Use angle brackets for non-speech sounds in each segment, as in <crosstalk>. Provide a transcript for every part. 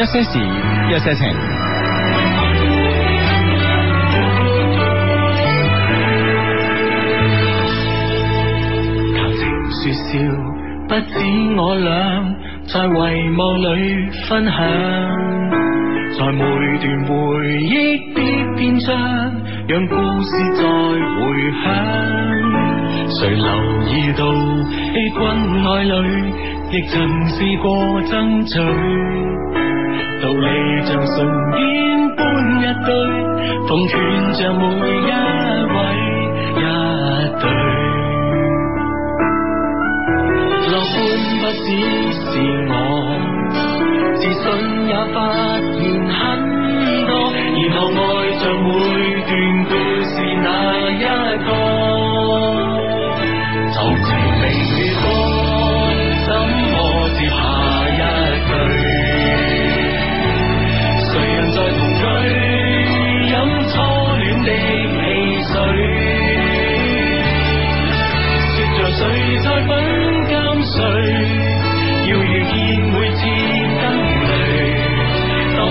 一些事，一些情，談情說笑，不止我倆在遺夢裏分享，在每段回憶的篇章，讓故事再回響。誰留意到，困愛侶，亦曾試過爭取。道理像信件般一對，奉勸着每一位一對。樂觀不只是我，自信也發現很多，然後愛着每段故事哪一個？就請明月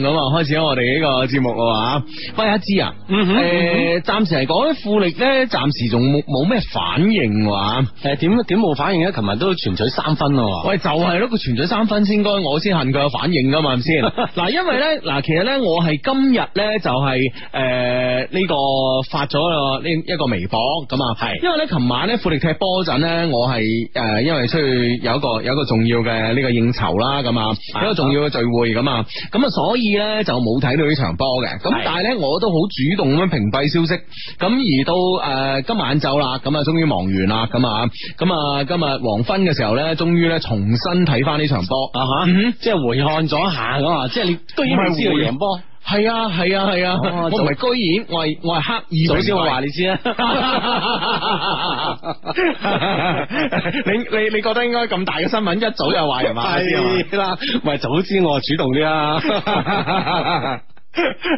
咁啊，開始我哋呢個節目啦吓，喂阿芝啊，嗯哼，誒、呃，暫、嗯、哼時嚟講咧，富力咧，暫時仲冇冇咩反應啊，誒、呃，點點冇反應咧？琴日都全取三分咯，喂，就係咯，佢全取三分先該，我先恨佢有反應噶嘛，係咪先？嗱，因為咧，嗱，其實咧，我係今日咧就係誒呢個發咗呢一個微博咁啊，係是，因為咧，琴晚咧富力踢波嗰陣咧，我係誒、呃、因為出去有一個有一個重要嘅呢個應酬啦，咁啊，有一個重要嘅聚會咁啊，咁啊，所以。就冇睇到呢場波嘅，咁但係咧我都好主動咁樣屏蔽消息，咁而到誒今晚走啦，咁啊終於忙完啦，咁啊，咁啊今日黃昏嘅時候咧，終於咧重新睇翻呢場波啊吓、嗯，即係回看咗一下咁啊，即係你居然知道贏波。係啊，係啊，係啊！是啊是啊哦、我唔係居然，我係我係刻意。早先我話你知啊。 <laughs> 你你你覺得應該咁大嘅新聞一早有話人嘛？係啦吧，唔係吧早知我主動啲啦。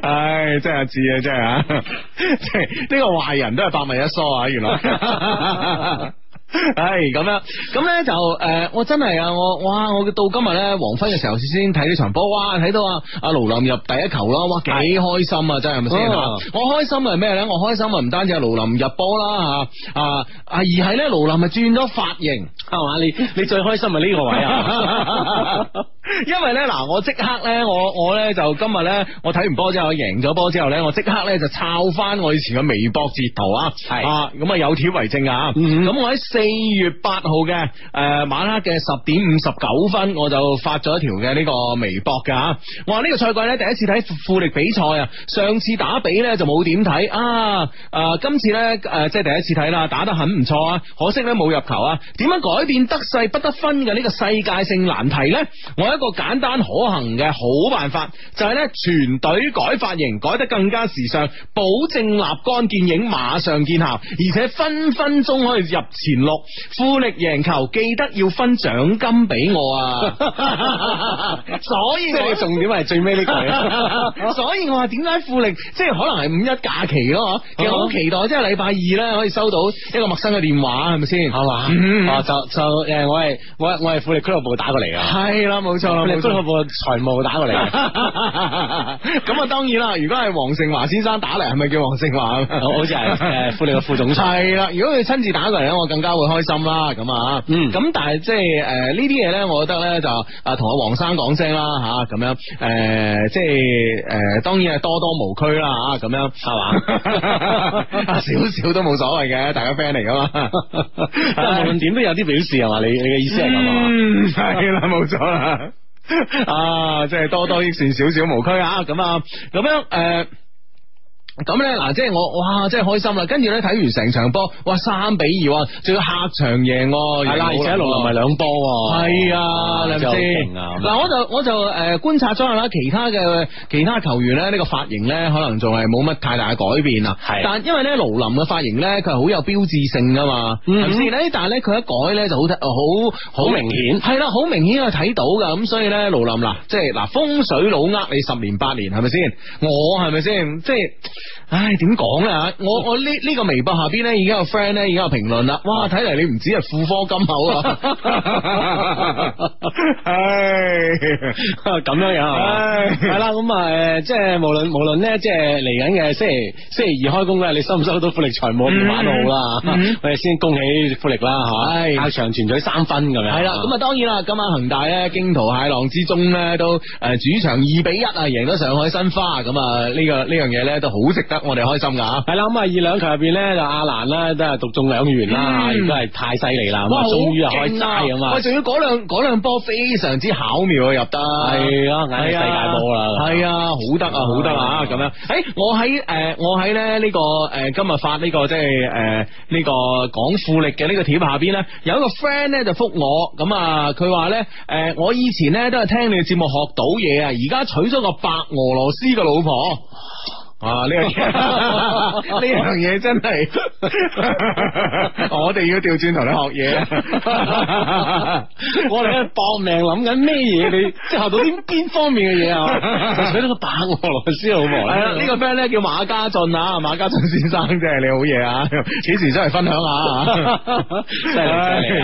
唉，真係智啊，真係！即係呢個壞人都係百密一疏啊，原來。係咁樣，咁呢就誒、呃，我真係啊，我哇，我到今日呢，黃昏嘅時候先睇呢場波，哇，睇到啊，阿盧琳入第一球啦，哇，幾開心啊真係，係咪先？我開心係咩呢？我開心啊，唔單止係盧琳入波啦吓，啊而係呢，盧琳咪轉咗髮型係嘛？你你最開心係呢個位啊！ <laughs> <laughs> 因為咧，嗱，我即刻咧，我我咧就今日咧，我睇完波之後，我贏咗波之後咧，我即刻咧就抄翻我以前嘅微博截圖是啊，係咁啊，有條為證啊。咁、嗯、我喺四月八號嘅誒晚黑嘅十點五十九分，我就發咗一條嘅呢個微博噶，我話呢個賽季咧第一次睇富力比賽啊，上次打比咧就冇點睇啊，誒、呃、今次咧誒即係第一次睇啦，打得很唔錯啊，可惜咧冇入球啊，點樣改變得勢不得分嘅呢個世界性難題呢？我一個簡單可行嘅好辦法就係咧，全隊改髮型，改得更加時尚，保證立竿見影，馬上見效，而且分分鐘可以入前六。富力贏球，記得要分獎金俾我啊！ <laughs> 所以 <laughs> 即係重點係最尾呢句， <laughs> <laughs> 所以我話點解富力即係可能係五一假期咯，其實好期待， <laughs> 即係禮拜二咧可以收到一個陌生嘅電話，係咪先？係嘛吧？嗯、哦，就就誒，我係我我係富力俱樂部打過嚟啊，係啦，冇錯。你中我部財務打過嚟，咁啊當然啦。如果係黃勝華先生打嚟，係咪叫黃勝華？好似係誒，副你嘅副總裁啦。如果佢親自打過嚟咧，我更加會開心啦。咁啊，咁但係即係誒呢啲嘢咧，我覺得咧就啊同阿黃生講聲啦吓，咁樣誒即係誒，當然係多多無拘啦啊，咁樣係嘛，少少都冇所謂嘅，大家 friend 嚟噶嘛。無論點都有啲表示係嘛，你你嘅意思係咁啊？嗯，係啦，冇錯啦。 <laughs> 啊！即係多多益善，少少無拘啊！咁啊，咁樣誒。咁咧嗱，即係我哇，真係開心啦！跟住咧睇完成場波，哇三比二，仲要客場贏，係啦，而且盧林咪兩波，係啊，係咪先？嗱，我就我就誒觀察咗下啦，其他嘅其他球員咧，呢個髮型咧，可能仲係冇乜太大嘅改變啊。係，但因為咧盧林嘅髮型咧，佢係好有標誌性噶嘛，係咪先？但係咧佢一改咧就好好好明顯。係啦，好明顯佢睇到噶，咁所以咧盧林嗱，即係嗱風水佬呃你十年八年係咪先？我係咪先？即係。唉，點講咧？我我呢呢個微博下邊咧，已經有 friend 咧，已經有評論啦。哇，睇嚟你唔止係富科金口、啊， <laughs> <laughs> 唉，咁樣樣，唉，係啦，咁誒、呃，即係無論無論咧，即係嚟緊嘅星期星期二開工咧，你收唔收到富力財務唔玩都好啦。我哋、嗯、 <laughs> 先恭喜富力啦，唉、哎，阿長全取三分咁樣。係啦，咁啊，當然啦，今晚恆大咧驚濤駭浪之中咧，都誒主場二比一啊，贏咗上海申花。咁啊呢個呢樣嘢咧都好。值得我哋開心噶吓，係啦，咁二兩球入邊咧，就阿蘭啦，都係獨中兩元啦，亦都係太犀利啦，咁啊終於又開齋咁嘛！喂，仲要嗰兩兩波非常之巧妙入得，係啊，世界波啦，係啊，好得啊，好得啊，咁樣。誒，我喺誒我喺咧呢個誒今日發呢個即係誒呢個講富力嘅呢個帖下邊咧，有一個 friend 咧就覆我，咁啊佢話咧，誒我以前咧都係聽你嘅節目學到嘢啊，而家娶咗個白俄羅斯嘅老婆。啊！呢樣嘢呢樣嘢真係， <laughs> <laughs> 我哋要調轉同你學嘢。我哋搏命諗緊咩嘢？你即係學到啲邊方面嘅嘢啊？就除咗個打俄羅斯老婆咧，呢個 friend 咧叫馬家俊啊，馬家俊先生，即係你好嘢，啊，幾時真係分享下啊？咁佢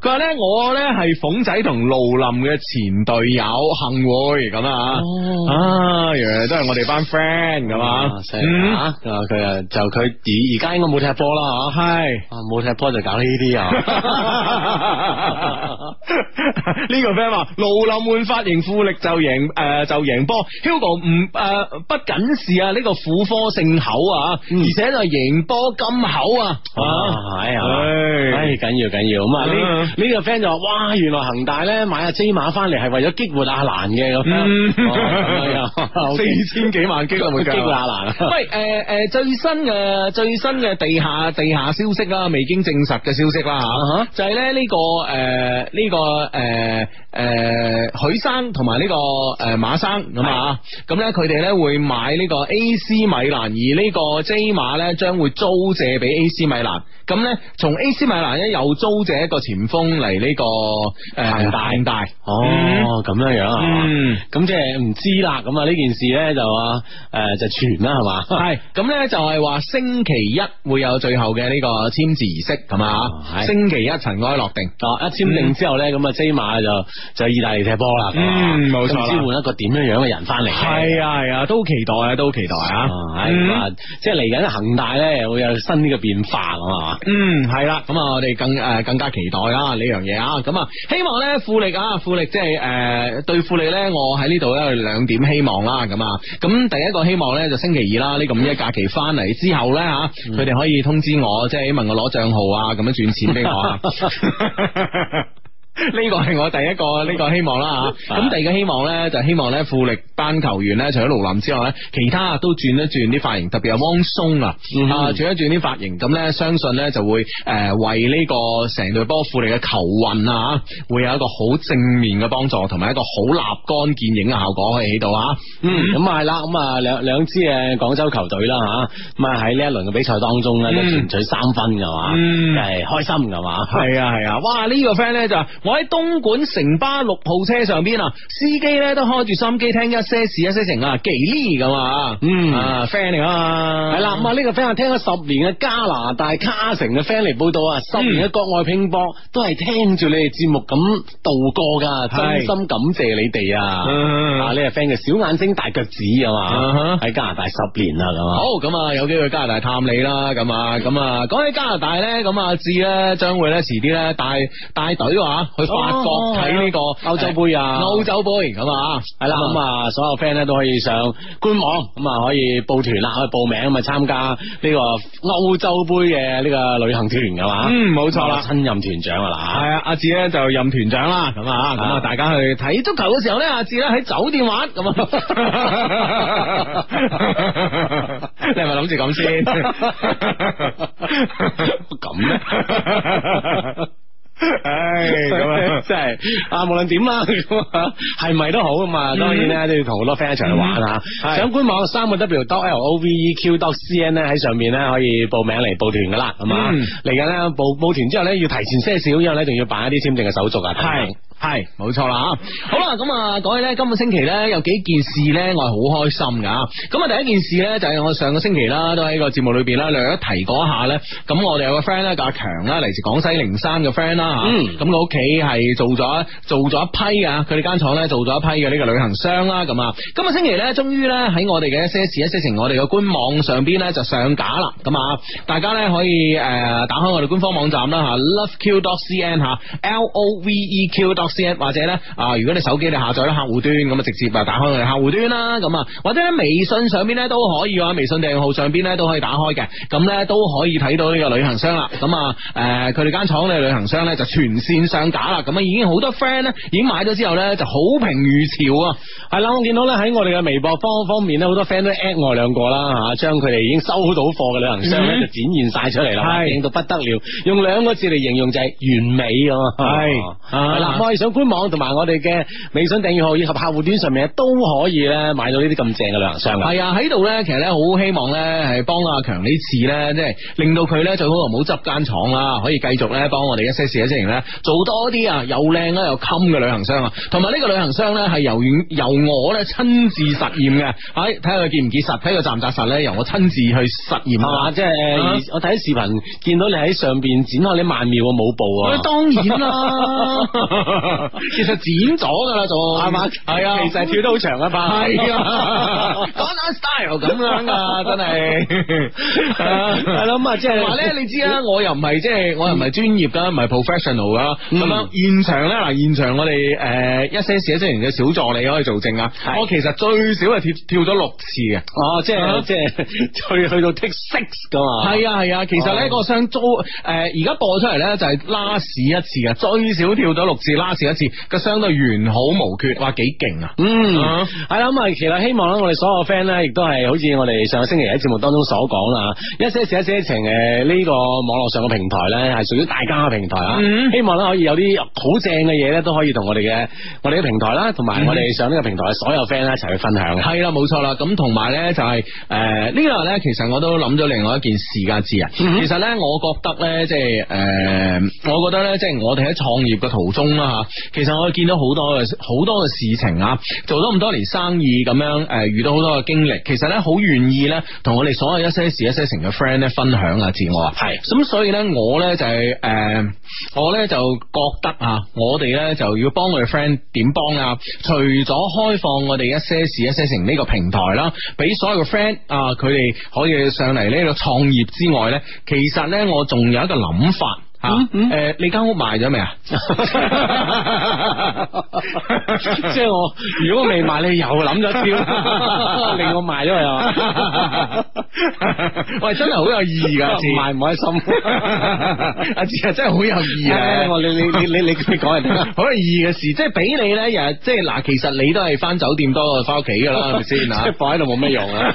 話咧，我咧係馮仔同盧林嘅前隊友，幸會咁啊！啊，原來都係我哋班 friend 係嘛，嗯，佢啊就佢而家應該冇踢波啦，吓，係冇踢波就搞呢啲啊。呢個 friend 話盧林換髮型富力就贏誒就贏波，Hugo 唔誒不僅是啊呢個苦科勝口啊，而且就贏波金口啊，係啊，唉，緊要緊要咁啊。呢呢個 friend 就話哇，原來恒大咧買阿 J 馬翻嚟係為咗激活阿蘭嘅咁，四千幾萬激活拉啦，喂，誒誒，最新嘅最新嘅地下地下消息啦，未經證實嘅消息啦，吓、吓，就係咧呢個誒呢、呃個誒誒。呃呃許生同埋呢個誒馬生咁啊，咁咧佢哋咧會買呢個 A.C. 米蘭，而呢個 J 馬咧將會租借俾 A.C. 米蘭，咁咧從 A.C. 米蘭咧又租借一個前鋒嚟呢個誒恆大，大、大哦，咁、嗯哦、樣樣啊，咁即係唔知啦，咁啊呢件事咧就誒、呃、就傳啦係嘛，係咁咧就係話星期一會有最後嘅呢個簽字儀式，咁啊、嗯、的星期一塵埃落定，啊、嗯、一簽訂之後咧咁啊 J 馬就就意大利踢波。多、嗯、啦，知啊，換一個點樣樣嘅人翻嚟？係啊係啊，都期待啊，都期待啊，啊，啊嗯、即係嚟緊恒大咧，會有新呢個變化，啊嘛，嗯，係啦、啊，咁我哋更誒、呃、更加期待呢樣嘢啊，咁啊，希望咧富力啊富力即係誒對富力咧，我喺呢度咧有兩點希望啦，咁啊，咁第一個希望咧就星期二啦，呢個五一假期翻嚟之後咧吓，佢哋、嗯、可以通知我，即係問我攞賬號啊，咁樣轉錢俾我、啊。 <laughs> 呢個係我第一個呢個希望啦吓，咁第二個希望呢，就是、希望呢富力班球員呢，除咗盧林之外呢，其他都轉一轉啲髮型，特別有汪松啊，轉、嗯哼啊、一轉啲髮型，咁呢相信呢就會誒、呃、為呢個成隊波富力嘅球運啊，會有一個好正面嘅幫助，同埋一個好立竿見影嘅效果可以起到啊，嗯，咁係啦，咁兩兩支誒廣州球隊啦吓，咁喺呢一輪嘅比賽當中呢，都、嗯、全取三分㗎嘛，係、嗯、開心㗎嘛，係 <laughs> 啊係啊，哇、這個、呢個 friend 呢就我喺東莞城巴六號車上邊啊，司機咧都開住收音機聽一些事一些情，幾嗯、啊。呢咁啊，嗯啊 friend 啊，係啦咁啊呢個 friend 聽咗十年嘅加拿大卡城嘅 friend 嚟報道啊，嗯、十年嘅國外拼搏都係聽住你哋節目咁度過噶，是真心感謝你哋啊，呢個 friend 嘅小眼睛大腳趾、嗯、啊嘛，喺加拿大十年啦咁，啊，好咁啊，有機會去加拿大探你啦，咁啊，咁啊，講起加拿大咧，咁啊，志咧將會咧遲啲咧帶帶隊話。去法國睇呢個歐洲杯啊，歐洲杯，咁啊，係啦，咁啊，所有 friend 咧都可以上官網，咁啊可以報團啦，可以報名，咁啊參加呢個歐洲杯嘅呢個旅行團噶嘛，嗯，冇錯啦，新任團長啊啦，係啊，阿志咧就任團長啦，咁啊，咁啊，大家去睇足球嘅時候咧，阿志咧喺酒店玩，咁啊，你係咪諗住咁先？咁咧？唉，咁、哎、樣即係啊！無論點啦，係咪都好啊嘛！當然咧都要同好多 friend 一齊去玩啊！上官網三個 W D O L O V E Q C N 咧喺上面咧可以報名嚟報團噶啦，咁啊，嚟緊咧報報團之後咧要提前些少，因為咧仲要辦一啲簽證嘅手續啊！係係冇錯啦！ <laughs> 好啦，咁啊，講起咧今個星期咧有幾件事咧我係好開心噶，咁啊第一件事咧就係我上個星期啦都喺個節目裏邊啦，略一提過一下咧，咁我哋有個 friend 咧叫阿強啦，嚟自廣西靈山嘅 friend 啦。嗯，咁我屋企係做咗做咗一批㗎，佢哋間廠咧做咗一批嘅呢個旅行箱啦。咁啊，今日星期咧，終於咧喺我哋嘅 S S S 成我哋嘅官網上邊咧就上架啦。咁啊，大家咧可以誒打開我哋官方網站啦吓，loveq.cn 吓，l o v e q.cn 或者咧啊，如果你手機你下載咗客戶端，咁啊直接啊打開我哋客戶端啦。咁啊，或者喺微信上邊咧都可以啊，微信訂號上邊咧都可以打開嘅。咁咧都可以睇到呢個旅行箱啦。咁啊誒佢哋間廠嘅旅行箱咧，就全線上架啦，咁啊已經好多 friend 咧，已經買咗之後咧就好評如潮啊！係啦，我見到咧喺我哋嘅微博方方面咧，好多 friend 都 at 我兩個啦，吓將佢哋已經收到貨嘅旅行箱咧就展現晒出嚟啦，影到不得了，用兩個字嚟形容就係完美是是啊！係嗱是，可、啊、以上官網同埋我哋嘅微信訂閱號以及客戶端上面都可以咧，買到呢啲咁正嘅旅行箱。係啊，喺度咧，其實咧好希望咧係幫阿強呢次咧，即係令到佢咧最好就唔好執間廠啦，可以繼續咧幫我哋一些事。咧做多啲啊，又靚啦又襟嘅旅行箱啊，同埋呢個旅行箱咧係由遠由我咧親自實驗嘅，睇下佢結唔結實，睇佢紮唔紮實咧，由我親自去實驗啊，即係我睇視頻見到你喺上邊展開你曼妙嘅舞步啊，當然啦，其實剪咗噶啦，仲係嘛係啊，其實係跳得好長啊嘛，係啊講 Style 咁樣噶，真係係咯咁啊，即係話咧，你知啊，我又唔係即係我又唔係專業噶，唔係 professional。信咁樣現場咧，嗱，現場我哋誒、呃、一些事一些情嘅小助理可以做證啊。是我其實最少係跳跳咗六次嘅。哦，即係、啊、即係去去到 take six 噶嘛。係啊係啊，其實咧、嗯、個箱租誒，而、呃、家播出嚟咧就係拉屎一次啊，最少跳咗六次拉屎一次，個箱都完好無缺，哇幾勁啊！嗯，係啦咁啊，其實希望咧，我哋所有 friend 咧，亦都係好似我哋上個星期喺節目當中所講啦，一些事一些情誒、呢、呃這個網絡上嘅平台咧係屬於大家嘅平台、嗯、啊。嗯、希望咧可以有啲好正嘅嘢咧，都可以同我哋嘅我哋嘅平台啦，同埋我哋上呢個平台嘅所有 friend 一齊去分享。係啦、嗯，冇錯啦。咁同埋咧就係誒呢個咧，其實我都諗咗另外一件事嘅字啊。嗯、其實咧、就是呃，我覺得咧即係誒，我覺得咧即係我哋喺創業嘅途中啦吓，其實我哋見到好多嘅好多嘅事情啊，做咗咁多年生意咁樣誒，遇到好多嘅經歷，其實咧好願意咧同我哋所有一些事一些情嘅 friend 咧分享啊自我啊。係、嗯。咁所以咧我咧就係、是、誒。呃我咧就覺得啊，我哋咧就要幫我哋 friend 點幫啊？除咗開放我哋一些事一些情呢個平台啦，俾所有嘅 friend 啊，佢哋可以上嚟呢個創業之外咧，其實咧我仲有一個諗法。嗯，誒，你間屋賣咗未啊？即係我如果未賣，你又諗咗一招，令我賣咗又。喂，真係好有意義噶，唔賣唔開心。阿芝啊，真係好有意義啊！我你你你你你講人，好有意義嘅事，即係俾你咧，即係嗱，其實你都係翻酒店多過翻屋企噶啦，係咪先？放喺度冇咩用啊。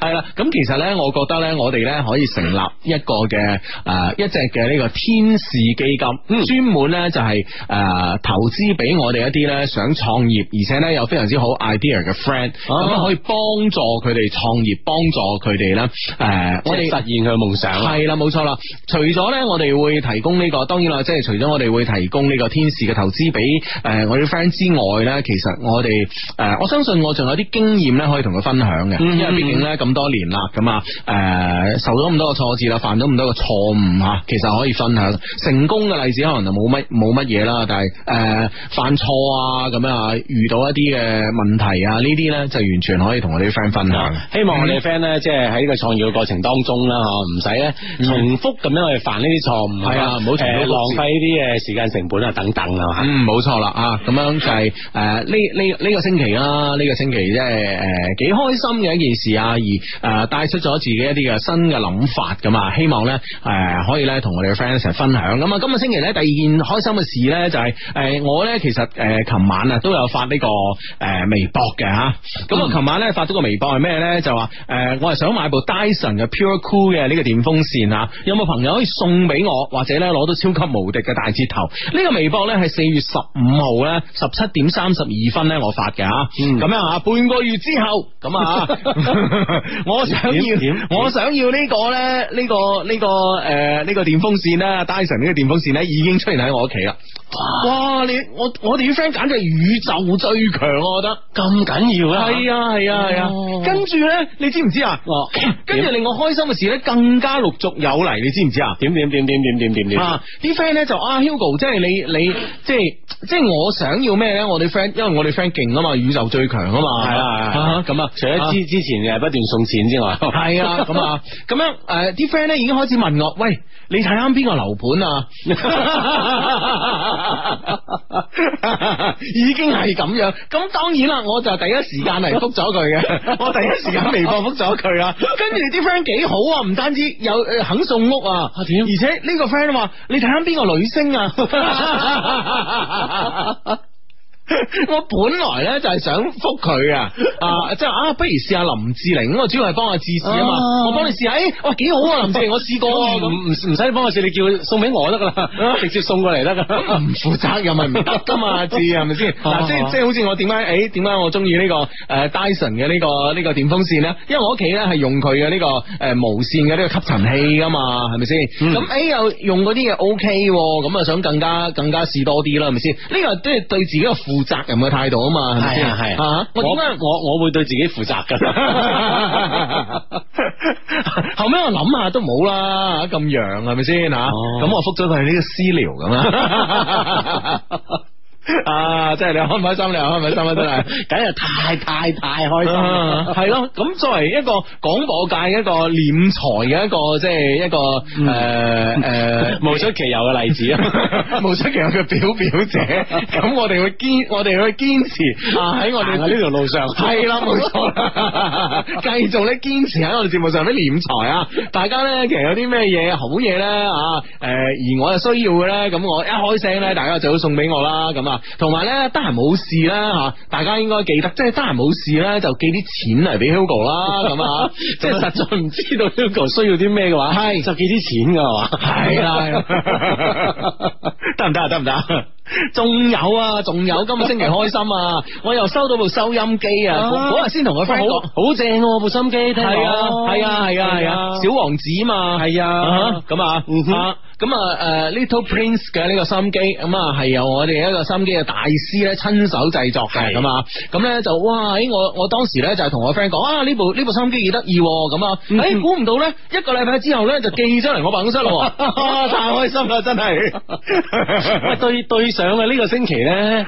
係啦，咁其實呢，我覺得呢，我哋呢可以成立一個嘅誒，一隻嘅呢個天使基金，嗯、專門呢就係、是、誒、呃、投資俾我哋一啲呢想創業，而且呢又非常之好 idea 嘅 friend，咁、啊、可以幫助佢哋創業，幫助佢哋呢，誒、呃，是我哋實現佢嘅夢想。係啦，冇錯啦。除咗呢，我哋會提供呢、這個，當然啦，即係除咗我哋會提供呢個天使嘅投資俾誒我啲 friend 之外呢，其實我哋誒、呃，我相信我仲有啲經驗呢可以同佢分享嘅，嗯、哼因為畢竟咁多年啦，咁啊，誒，受咗咁多個挫折啦，犯咗咁多個錯誤吓，其實可以分享成功嘅例子，可能就冇乜冇乜嘢啦。但係誒、呃，犯錯啊，咁樣啊，遇到一啲嘅問題啊，呢啲咧就完全可以同我哋啲 friend 分享。嗯、希望我哋 friend 咧，即係喺呢個創業嘅過程當中啦，吓，唔使咧重複咁樣去犯呢啲錯誤，係、嗯、啊，唔好重複、呃、浪費呢啲嘅時間成本啊等等、嗯、啊，嗯，冇錯啦啊，咁樣就係誒呢呢呢個星期啦，呢、這個星期即係誒幾開心嘅一件事啊。而誒，帶出咗自己一啲嘅新嘅諗法咁啊，希望咧誒，可以咧同我哋嘅 friend 一齊分享。咁啊，今個星期咧，第二件開心嘅事咧就係、是、誒，我咧其實誒，琴晚啊都有發呢個誒微博嘅吓。咁啊、嗯，琴晚咧發咗個微博係咩咧？就話誒，我係想買部 Dyson 嘅 Pure Cool 嘅呢個電風扇啊，有冇朋友可以送俾我，或者咧攞到超級無敵嘅大折頭？呢、這個微博咧係四月十五號咧十七點三十二分咧我發嘅吓，咁樣啊，半個月之後咁啊。 <laughs> 我想要，我想要呢個咧，呢個呢個誒，呢個電風扇啦，Dyson 呢個電風扇咧，已經出現喺我屋企啦。哇，你我我哋啲 friend 簡直宇宙最強，我覺得咁緊要啊！係啊係啊係啊！跟住咧，你知唔知啊？跟住令我開心嘅事咧，更加陸續有嚟，你知唔知啊？點點點點點點點啊！啲 friend 咧就阿 Hugo，即係你你即係即係我想要咩咧？我哋 friend，因為我哋 friend 勁啊嘛，宇宙最強啊嘛，係啊係啊咁啊！除咗之之前嘅不。送錢之外，係啊，咁啊，咁樣誒，啲 friend 咧已經開始問我，喂，你睇啱邊個樓盤啊？ <laughs> 已經係咁樣，咁當然啦，我就第一時間嚟複咗佢嘅， <laughs> 我第一時間微博複咗佢啊。跟住啲 friend 幾好啊，唔單止有肯送屋啊，而且呢個 friend 話，你睇啱邊個女星啊？ <laughs> <laughs> 我本來咧就係想復佢啊，即、啊、係、就是、啊，不如試下林志玲咁，我主要係幫下志志啊嘛，啊我幫你試下，喂、哎，幾、哎、好啊，林志玲，林志玲我試過喎、啊！唔唔使幫我試，你叫佢送俾我得噶啦，啊、直接送過嚟得噶，唔負責任又咪唔得噶嘛，志係咪先？嗱，即係即係好似我點解，誒、哎，點解我中意呢個誒、呃、Dyson 嘅呢、這個呢、這個電風扇咧？因為我屋企咧係用佢嘅呢個誒、呃、無線嘅呢個吸塵器噶嘛，係咪先？咁 A 又用嗰啲嘢 OK，咁、哦、啊想更加更加試多啲啦，係咪先？呢個都係對自己嘅負。負責任嘅態度，係咪先是，啊嘛，係啊係，我點解我我會對自己負責噶。 <laughs> <laughs> 後尾我諗下都冇啦，咁樣係咪先吓？咁、啊、我覆咗佢呢個私聊咁啊。 <laughs> 啊！即係你開唔開心？你又開唔開心？ <laughs> 真係，梗係太太太開心，係咯。 <laughs> 咁作為一個廣播界一個斂財嘅一個，即係一個誒誒、呃呃、 <laughs> 無出其右嘅例子啦， <laughs> 無出其右嘅表表姐。咁 <laughs> 我哋會堅，我哋會堅持喺 <laughs> 我哋呢條路上。係啦，冇錯，繼 <laughs> 續咧堅持喺我哋節目上面斂財啊！大家咧，其實有啲咩嘢好嘢咧啊？誒，而我係需要嘅咧，咁我一開聲咧，大家就都送俾我啦。咁啊～同埋咧，得閒冇事啦吓，大家應該記得，即係得閒冇事咧，就寄啲錢嚟俾 Hugo 啦，咁啊，即係實在唔知道 Hugo 需要啲咩嘅話，係就寄啲錢㗎係嘛，係啦，得唔得啊？得唔得？仲有啊，仲有今個星期開心，啊，我又收到部收音機啊，好日先同佢分好正嘅部收音機，係啊係啊係啊，小王子嘛，係啊咁啊，咁啊誒，Little Prince 嘅呢個收音機咁啊，係由我哋一個收音機嘅大師咧親手製作嘅咁啊，咁咧的就哇！我我當時咧就同我 friend 講啊，呢部呢部收音機幾得意咁啊，誒、嗯，估唔、嗯欸、到咧一個禮拜之後咧就寄咗嚟我辦公室咯、 <laughs> 啊，太開心啦，真係， <laughs> <laughs> 對對上嘅呢、這個星期咧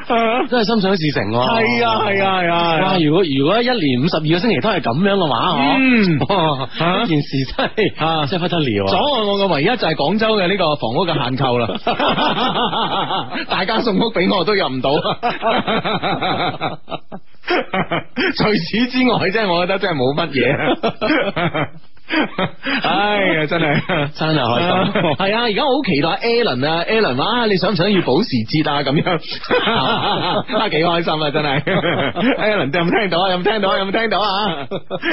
真係心想事成，係啊係啊係啊！哇、啊，啊啊啊、如果如果一年五十二個星期都係咁樣嘅話，嗯，呢件事真係啊，真係不得了，阻礙我嘅唯一就係廣州嘅呢。個房屋嘅限購啦， <laughs> 大家送屋俾我都入唔到。 <laughs> 除此之外，真係我覺得真係冇乜嘢。 <laughs> 哎呀，真係真係開心，係啊！而家我好期待 Alan 啊，Alan，、啊、你想唔想要保時捷啊？咁樣，幾、啊啊啊、開心啊！真係、啊、 <laughs> ，Alan 有冇聽到？有冇聽到？有冇聽到啊？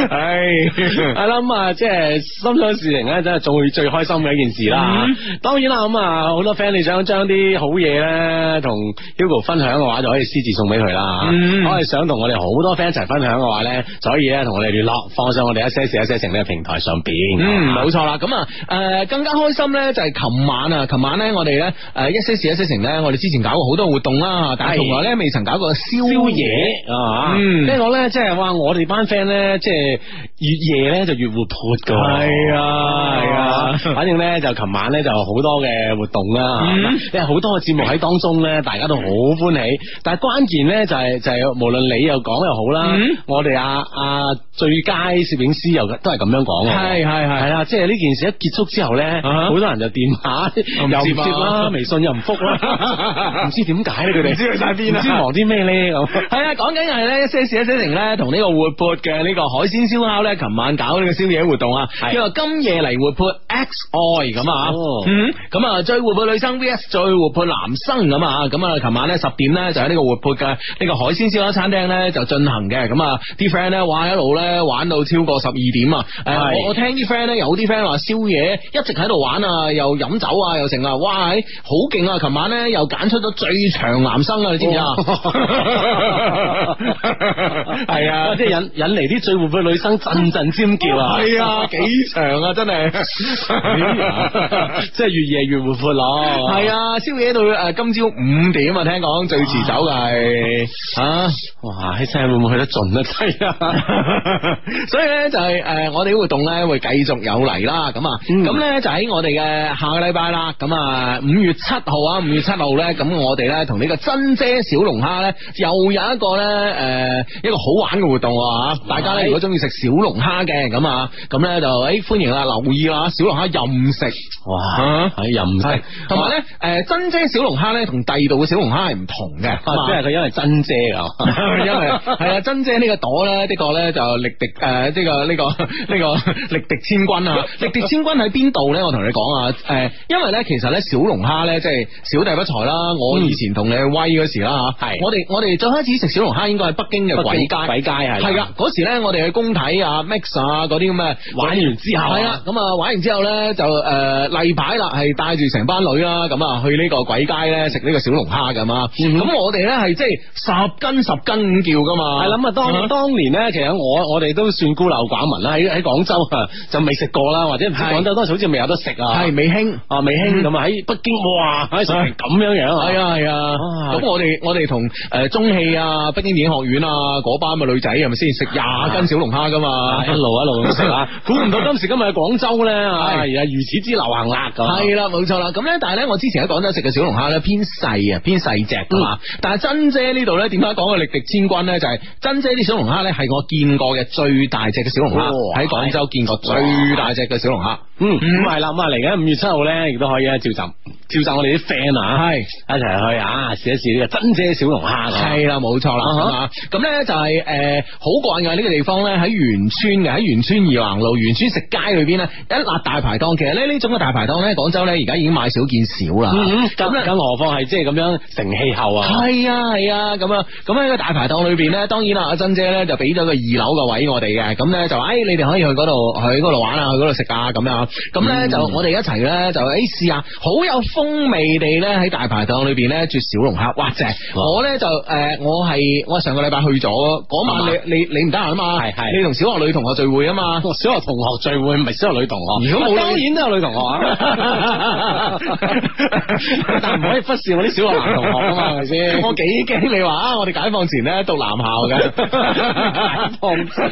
唉、哎， <laughs> 我諗啊，即係心想事成咧，真係仲會最開心嘅一件事啦。嗯、當然啦，咁好多 friend，你想將啲好嘢咧同 Hugo 分享嘅話，就可以私自送俾佢啦。嗯、我係想同我哋好多 friend 一齊分享嘅話咧，所以咧同我哋聯絡，放上我哋一些事一些情呢個平台。上邊，嗯，冇錯啦，咁啊誒更加開心咧就係琴晚啊，琴晚咧我哋咧誒一些事一些情咧，我哋之前搞過好多活動啦，是但係同埋咧未曾搞過宵夜，宵夜啊，即係、嗯、我咧即係話我哋班 friend 咧即係越夜咧就越活潑噶，係啊係啊，啊反正咧就琴晚咧就好多嘅活動啦，因為好多嘅節目喺當中咧，大家都好歡喜，但係關鍵咧就係、是、就係、是、無論你又講又好啦，嗯、我哋啊啊最佳攝影師又都係咁樣講嘅。係係係啦，即係呢件事一結束之後咧，好多人就電話又唔接啦，微信又唔覆啦，唔知點解咧？佢哋知去晒邊，唔知忙啲咩咧？咁係啊，講緊係咧一些事一些情咧，同呢個活潑嘅呢個海鮮燒烤咧，琴晚搞呢個宵夜活動啊！叫做今夜嚟活潑 XO 咁啊，嗯，咁啊，最活潑女生 VS 最活潑男生咁啊，咁啊，琴晚咧十點咧就喺呢個活潑嘅呢個海鮮燒烤餐廳咧就進行嘅，咁啊，啲 friend 咧玩一路咧玩到超過十二點啊，係。我聽啲 friend 咧，有啲 friend 話宵夜一直喺度玩啊，又飲酒啊，又成啊，哇！好勁啊！琴晚咧又揀出咗最長男生啊，你知唔知哇 <laughs> 啊？係 <laughs> 啊， <laughs> 即係引引嚟啲最活潑女生，陣陣尖叫啊！係啊，幾長啊，真係、 <laughs> 啊，即係越夜越活潑咯！係啊，宵夜到誒，今朝五點啊，聽講最遲走嘅係唉啊，哇！啲聲會唔會去得盡啊？係啊， <laughs> 所以咧就係、是、誒、呃，我哋活動咧。會繼續有嚟啦，咁啊，咁呢就喺我哋嘅下個禮拜啦，咁啊五月七號啊，五月七號呢，咁我哋呢，同呢個珍姐小龍蝦呢，又有一個呢，誒、呃、一個好玩嘅活動啊。大家呢，如果中意食小龍蝦嘅咁啊，咁呢，就、欸、誒歡迎啦，留意啦，小龍蝦任食哇，任食，同埋呢，誒珍是姐小龍蝦呢，同第二度嘅小龍蝦係唔同嘅，即係佢因為珍姐啊， <laughs> 因為係啊珍姐呢個朵呢，的確呢，就力敵誒呢個呢個呢個。這個這個 <laughs> 力敵千軍啊！力敵千軍喺邊度咧？我同你講啊，誒，因為咧，其實咧，小龍蝦咧，即係小弟不才啦。我以前同你威嗰時啦，吓係、嗯、我哋我哋最開始食小龍蝦，應該係北京嘅鬼街，鬼街係係啊，嗰時咧，我哋去工體啊、Mix 啊嗰啲咁嘅玩完之後，係啊，咁啊，玩完之後咧就誒例牌啦，係帶住成班女啦，咁啊去呢個鬼街咧食呢個小龍蝦咁啊。咁、嗯、我哋咧係即係十斤十斤叫噶嘛。係啊，當年、嗯、當年咧，其實我我哋都算孤陋寡聞啦。喺喺廣州。就未食過啦，或者唔知廣州當時好似未有得食。啊。係，美興啊，美興咁喺北京哇，喺食成咁樣樣。係啊，係啊。咁我哋我哋同誒中戲啊北京電影學院嗰班嘅女仔係咪先食廿斤小龍蝦噶嘛？一路一路咁食啊！估唔到今時今日喺廣州咧，係如此之流行啦！咁係啦，冇錯啦。咁咧，但係咧，我之前喺廣州食嘅小龍蝦咧，偏細啊，偏細隻噶嘛。但係珍姐呢度咧，點解講佢力敵千軍咧？就係珍姐啲小龍蝦咧，係我見過嘅最大隻嘅小龍蝦喺廣州。見過最大隻嘅小龍蝦，嗯，咁係啦，咁啊嚟緊五月七號咧，亦都可以啊，召集召集我哋啲 friend 啊，係是 一齊去啊，試一試呢個珍姐小龍蝦，係啦，冇錯啦，咁咧就係誒好慣嘅呢個地方咧，喺員村嘅，喺員村二橫路員村食街裏邊啊，一辣大排檔，其實咧呢種嘅大排檔咧，廣州咧而家已經買少見少啦，咁咧、嗯嗯、那更何況係即係咁樣成氣候啊，係啊係啊，咁啊咁喺個大排檔裏邊咧，當然啦，阿珍姐咧就俾咗個二樓嘅位我哋嘅，咁咧就誒、哎、你哋可以去嗰度。去嗰度玩啊，去嗰度食啊，咁樣咁咧就我哋一齊咧就誒試下好有風味地咧喺大排檔裏邊咧煮小龍蝦，哇正！我咧就誒我係我係上個禮拜去咗嗰晚，你你你唔得閒啊嘛，係係，你同小學女同學聚會啊嘛，小學同學聚會唔係小學女同學，如果冇當然都有女同學，但唔可以忽視我啲小學男同學噶嘛，係咪先？我幾驚你話啊，我哋解放前咧讀男校嘅，解放前。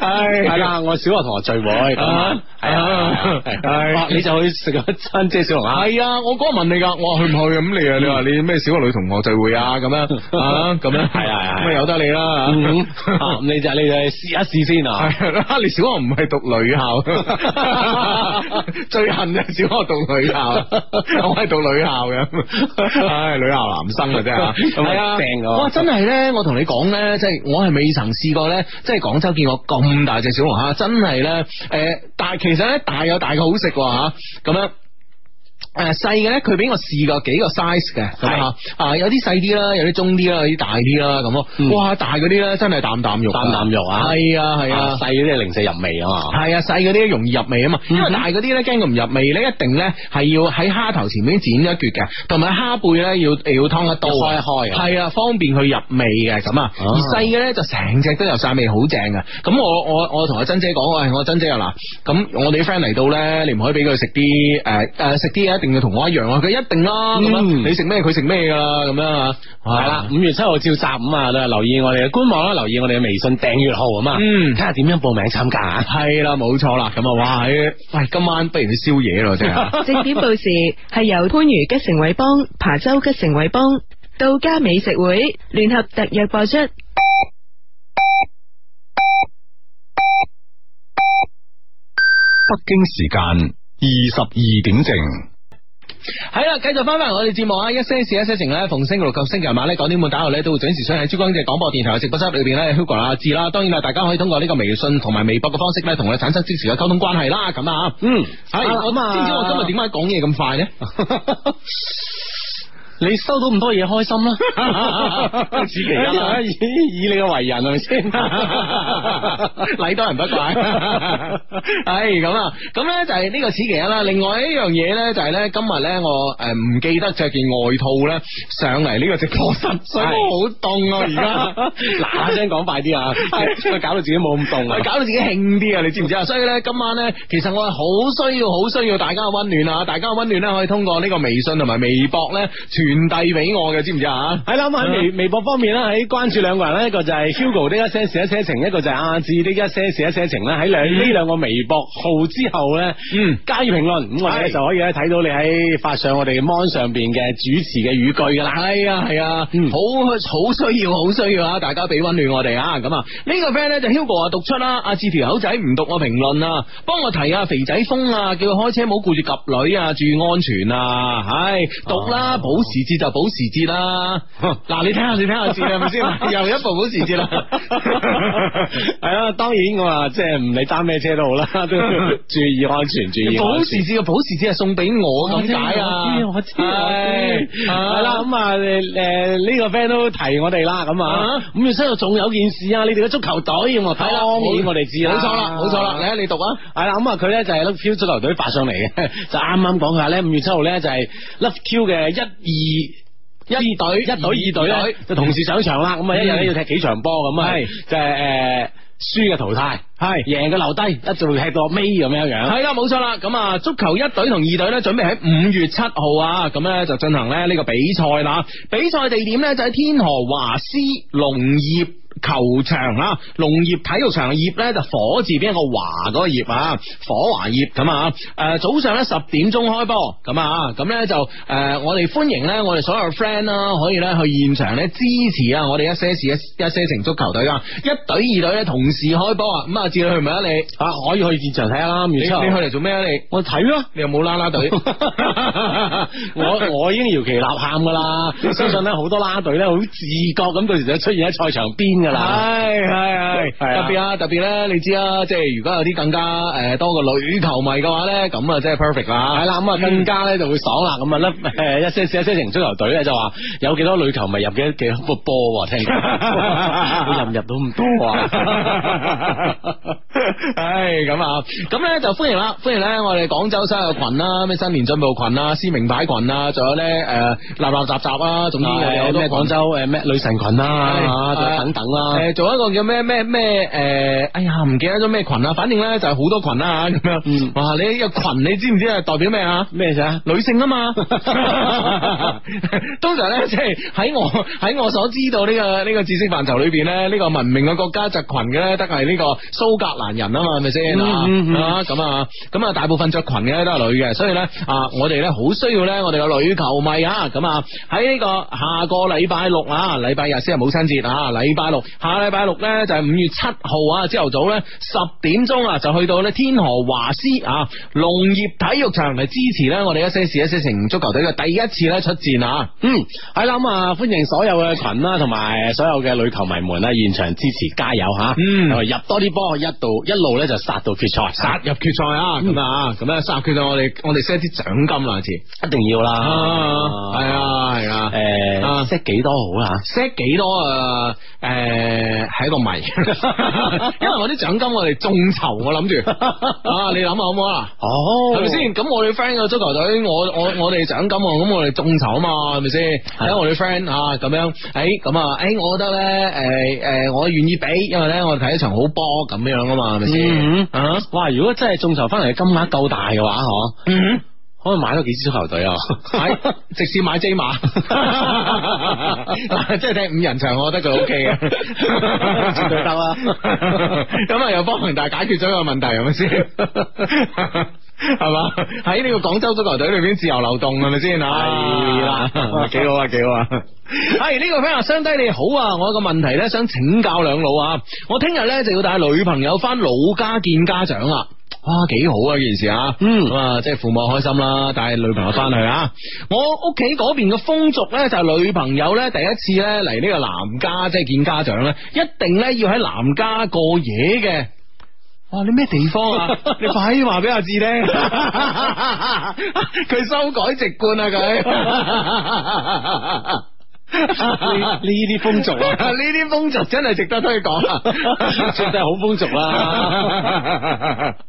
係係啦，我小學同學聚會，係你就去食一餐啫。小龍係啊，我嗰日問你噶，我話去唔去咁你啊？你話你咩小學女同學聚會啊？咁樣咁樣係係咁啊？由得你啦咁你就你就試一試先啊！你小學唔係讀女校，最恨就小學讀女校，我係讀女校嘅，女校男生嘅啫。係啊，正啊！哇，真係咧，我同你講咧，即係我係未曾試過咧，即係廣州見我。咁大隻小龍蝦，真係咧，誒，但係其實咧，大有大嘅好食吓，咁樣。誒，細嘅咧，佢俾我試過幾個 size 嘅，係啊，啊有啲細啲啦，有啲中啲啦，有啲大啲啦咁咯。哇，大嗰啲咧真係啖啖肉，啖啖肉啊，係啊係啊，細嗰啲零舍入味啊嘛，係啊，細嗰啲容易入味啊嘛。因為大嗰啲咧驚佢唔入味咧，一定咧係要喺蝦頭前面剪咗一橛嘅，同埋蝦背咧要要劏一刀開一開，係啊，方便佢入味嘅咁啊。而細嘅咧就成隻都有晒味，好正噶。咁我我我同阿珍姐講，喂，我珍姐啊嗱，咁我哋啲 friend 嚟到咧，你唔可以俾佢食啲誒誒食啲啊！佢同我一樣，佢一定啦。咁樣你食咩，佢食咩噶啦。咁樣係啦。五月七號召集五，你留意我哋嘅官網啦，留意我哋嘅微信訂閱號啊嘛。嗯，睇下點樣報名參加啊？係啦，冇錯啦。咁啊，哇！喂，今晚不如去宵夜咯，正點報時係由番禺吉盛偉邦、琶洲吉盛偉邦、道家美食會聯合特約播出。北京時間二十二點正。係啦，繼續翻翻我哋節目啊！一些事，一些情。咧，逢星期六、及星期日晚咧，九點半打後咧，都會準時上喺珠江台廣播電台嘅直播室裏邊咧，Hugo 阿志啦。當然啦，大家可以通過呢個微信同埋微博嘅方式咧，同我產生即時嘅溝通關係啦。咁、嗯、是啊，嗯我，係，知唔知我今日點解講嘢咁快呢？啊啊 <laughs> 你收到咁多嘢開心啦！此、啊、其一以，以以你嘅為人係咪先禮多人不怪？係咁啊，咁咧就係呢個此其一啦。另外一樣嘢咧就係、是、咧，今日咧我誒唔、呃、記得着件外套咧上嚟呢個直播室，所以好凍啊！而家嗱嗱聲講快啲是、哎、啊，搞到自己冇咁凍啊，搞到自己興啲啊！你知唔知啊？ <laughs> 所以咧今晚咧，其實我係好需要、好需要大家嘅溫暖啊！大家嘅溫暖咧可以通過呢個微信同埋微博咧傳遞俾我嘅，知唔知啊？係啦、嗯，咁喺微微博方面咧，喺關注兩個人咧，一個就係 Hugo 的一些事一些情，一個就係阿志的一些事一些情啦。喺兩呢兩個微博號之後咧，嗯，加入評論，咁我哋就可以咧睇到你喺發我上我哋 Mon 上邊嘅主持嘅語句噶啦。係啊係啊，好好、啊嗯、需要好需要啊！大家俾溫暖我哋、這個、啊！咁呢個 friend 咧就 Hugo 啊讀出啦，阿志條口仔唔讀我評論啊，幫我提下肥仔風啊，叫佢開車唔好顧住及女啊，注意安全啊！唉，讀啦，保。時節就保時捷啦，嗱你睇下你睇下先係咪先？又一部保時捷啦，係啦，當然我啊即係唔理揸咩車都好啦，都注意安全，注意保時捷，個保時捷係送俾我咁解啊？我知，我知，係啦，咁啊，誒呢個 friend 都提我哋啦，咁啊，五月七號仲有件事啊，你哋嘅足球隊，係啦，當然我哋知冇錯啦，冇錯啦，嚟你讀啊，係啦，咁啊佢咧就係 love Q 足球隊發上嚟嘅，就啱啱講下咧，五月七號咧就係 love Q 嘅一二。二一隊一隊二隊就同時上場啦，咁啊、嗯、一日咧要踢幾場波咁啊，就係誒輸嘅淘汰，係贏嘅留低，一直會踢到尾咁樣樣。係啦，冇錯啦。咁啊，足球一隊同二隊咧，準備喺五月七號啊，咁咧就進行咧呢個比賽啦。比賽地點咧就喺天河華師農業。球場啊，農業體育場業咧就火字邊一個華嗰個業啊，火華業咁啊。誒、呃，早上咧十點鐘開波咁啊，咁咧就誒、呃，我哋歡迎咧我哋所有 friend 啦，可以咧去現場咧支持啊我哋一些事一一些成足球隊啊，一隊二隊咧同時開波啊，咁啊，志偉去唔去啊？你啊，可以去現場睇下啦你你。你你去嚟做咩啊？你我睇咯。你又冇啦啦隊，我我已經搖旗吶喊噶啦。相信咧好多啦隊咧好自覺咁，到時就出現喺賽場邊。係係係，特別啊，啊特別咧、啊，你知啦，即係如果有啲更加誒多個女球迷嘅話咧，咁啊即係 perfect 啦，係啦、嗯，咁啊更加咧就會爽啦，咁啊、嗯、一些一些成足球隊咧就話有幾多女球迷入幾幾多個波、啊，聽唔 <laughs> 入入到咁多啊， <laughs> 唉啊，咁咧就歡迎啦，歡迎咧我哋廣州生日群啦，咩新年進步群啊，撕名牌群啊，仲有咧誒立立雜雜啊，總之誒有咩廣州誒咩女神群啊，再唉等等。誒，做一個叫咩咩咩誒，哎呀，唔記得咗咩群啊，反正呢，就係好多群啦咁樣。嗯、哇，呢個群你知唔知係代表咩啊？咩啫？女性啊嘛， <laughs> 通常呢，即係喺我喺我所知道呢個呢個知識範疇裏邊呢，呢、呢個文明嘅國家着裙嘅呢，得係呢個蘇格蘭人啊嘛，係咪先？咁啊咁啊，大部分着裙嘅都係女嘅，所以呢，啊，我哋呢，好需要呢，我哋嘅女球迷啊。咁啊喺呢個下個禮拜六啊，禮拜日先係母親節啊，禮拜六。下禮拜六咧就係五月七號啊，朝頭早咧十點鐘啊，就去到咧天河華師啊農業體育場嚟支持咧我哋一些事一些情足球隊嘅第一次咧出戰啊！嗯，喺啦，咁歡迎所有嘅群啦，同埋所有嘅女球迷們啊，現場支持加油吓！嗯，入多啲波，一路一路咧就殺到決賽，殺入決賽啊！咁啊、嗯，咁咧殺決賽，我哋我哋 set 啲獎金啦，次一定要啦，係係誒 set 幾多好啦吓，set 幾多誒？啊欸誒，喺、呃、度迷，因為我啲獎金我哋眾籌，我諗住，你諗下好唔好啊？哦，係咪先？咁我哋 friend 嘅足球隊，我我我哋獎金，咁我哋眾籌啊嘛，係咪先？睇我哋 friend 啊，咁、hmm. 樣、uh，誒，咁啊，誒，我覺得咧，誒誒，我願意俾，因為咧我睇一場好波咁樣啊嘛，係咪先？哇！如果真係眾籌翻嚟嘅金額夠大嘅話，嗬、mm？嗯、hmm.。我買多幾支足球隊啊！直使買 J 馬，即係踢五人場，我覺得佢 O K 嘅，值得啦。咁啊又幫恒大解決咗個問題，係咪先？係嘛？喺呢個廣州足球隊裏邊自由流動，係咪先啊？係啦，幾好啊，幾好啊！係呢個 f r 相 e n 低你好啊！我有個問題咧，想請教兩老啊！我聽日咧就要帶女朋友翻老家見家長啊！哇，幾好啊！件事啊，嗯，啊，即係父母開心啦，帶女朋友翻去啊。我屋企嗰邊嘅風俗咧，就係女朋友咧第一次咧嚟呢個男家，即係見家長咧，一定咧要喺男家過夜嘅。哇，你咩地方啊？你快啲話俾阿志聽。佢 <laughs> 修改籍貫啊，佢。 <laughs> 呢啲風俗、啊，呢啲 <laughs> 風俗真係值得推廣啦，真係好風俗啦、啊。 <laughs>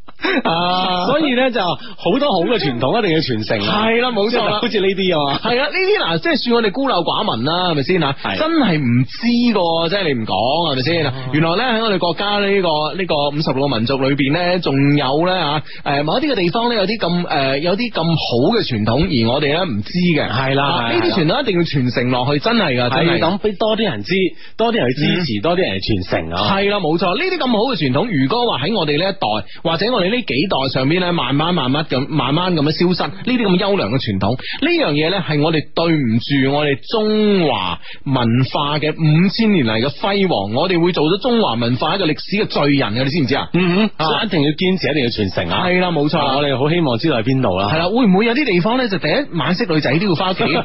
所以咧，就好多好嘅傳統一定要傳承，係啦，冇錯，好似呢啲，係啦呢啲嗱，即係算我哋孤陋寡聞啦，係咪先吓？真係唔知㗎，即係你唔講係咪先？原來咧喺我哋國家呢個呢個五十六個民族裏邊咧，仲有咧吓，誒，某一啲嘅地方咧有啲咁誒，有啲咁好嘅傳統，而我哋咧唔知嘅，係啦，呢啲傳統一定要傳承落去，真係噶，就要咁，俾多啲人知，多啲人去支持，多啲人去傳承，係啦，冇錯，呢啲咁好嘅傳統，如果話喺我哋呢一代或者我哋。呢幾代上邊咧，慢慢、慢慢咁，慢慢咁樣消失呢啲咁優良嘅傳統，呢樣嘢呢，係我哋對唔住我哋中華文化嘅五千年嚟嘅輝煌，我哋會做咗中華文化一個歷史嘅罪人嘅，你知唔知啊？嗯嗯，啊、所以一定要堅持，一定要傳承啊！係啦，冇錯，我哋好希望知道喺邊度啦。係啦，會唔會有啲地方呢？就第一晚識女仔都要翻屋企，呢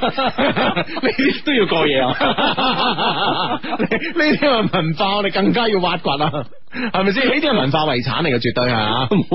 啲 <laughs> <laughs> 都要過夜啊？呢啲係文化，我哋更加要挖掘啊！係咪先？呢啲係文化遺產嚟嘅，絕對係、啊 <laughs>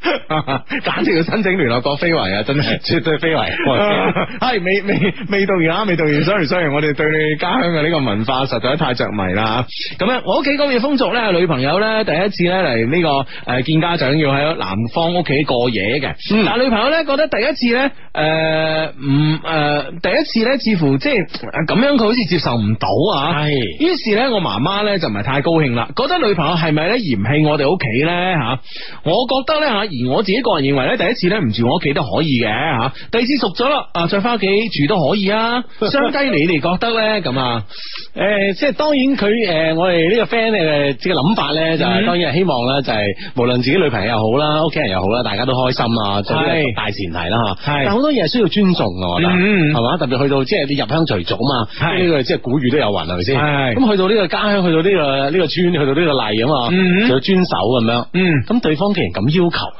<laughs> 簡直要申請聯合國非遺啊！真係絕對非遺。係 <laughs> <laughs> 未未未到完啊，未到完。Sorry，sorry，Sorry，我哋對你哋家鄉嘅呢個文化實在太着迷啦。咁我屋企嗰邊風俗呢，咧，女朋友呢，第一次呢嚟呢個誒、呃、見家長要喺男方屋企過夜嘅。嗯、但女朋友呢，覺得第一次呢，誒唔誒第一次呢，似乎即係咁樣佢好似接受唔到啊。係於是呢，我媽媽呢，就唔係太高興啦，覺得女朋友係咪呢，嫌棄我哋屋企呢？吓？我覺得呢。吓、啊。而我自己個人認為咧，第一次咧唔住我屋企都可以嘅嚇，第二次熟咗喇，啊再翻屋企住都可以啊。相低， <laughs> 你哋覺得咧咁啊？即係當然佢誒、呃，我哋呢個 friend 嘅呢個諗法咧就係、是嗯、當然係希望咧、就是，就係無論自己女朋友又好啦，屋企人又好啦，大家都開心啊，做啲大前提啦是但好多嘢係需要尊重㗎嘛，我覺得，係嘛、嗯？特別去到即係入鄉隨俗啊嘛，呢個是即係古語都有云係咪先？咁是去到呢個家鄉，去到呢個呢個村，去到呢個例啊嘛，就要遵守咁樣。咁、嗯、對方既然咁要求。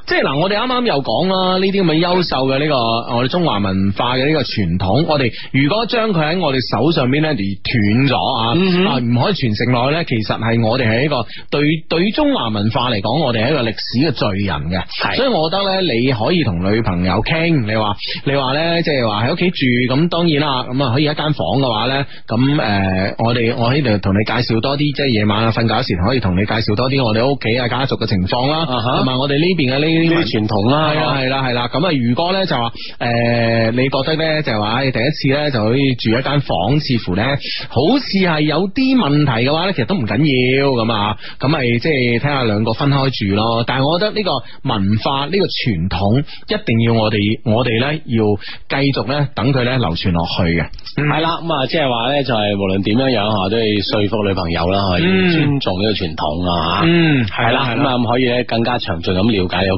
即係嗱，我哋啱啱又講啦，呢啲咁嘅優秀嘅呢個我哋中華文化嘅呢個傳統，我哋如果將佢喺我哋手上邊咧斷咗啊，唔可以傳承落去咧，其實係我哋係一個對對中華文化嚟講，我哋係一個歷史嘅罪人嘅。所以我覺得咧，你可以同女朋友傾，你話你話咧，即係話喺屋企住咁，當然啦，咁啊可以一間房嘅話咧，咁誒，我哋我喺度同你介紹多啲，即係夜晚啊瞓覺時可以同你介紹多啲我哋屋企啊家族嘅情況啦，同埋我哋呢邊嘅呢。啲傳統啦，係啦，係啦，咁啊，如果咧就話誒、呃，你覺得咧就話，第一次咧就可以住一間房間，似乎咧好似係有啲問題嘅話咧，其實都唔緊要咁啊，咁咪即係睇下兩個分開住咯。但係我覺得呢個文化呢、呢個傳統一定要我哋我哋咧要繼續咧等佢咧流傳落去嘅。係啦、嗯，咁啊即係話咧就係、是、無論點樣樣啊都要說服女朋友啦，可以尊重呢個傳統啊吓。嗯，係啦，咁啊可以咧更加詳盡咁了解有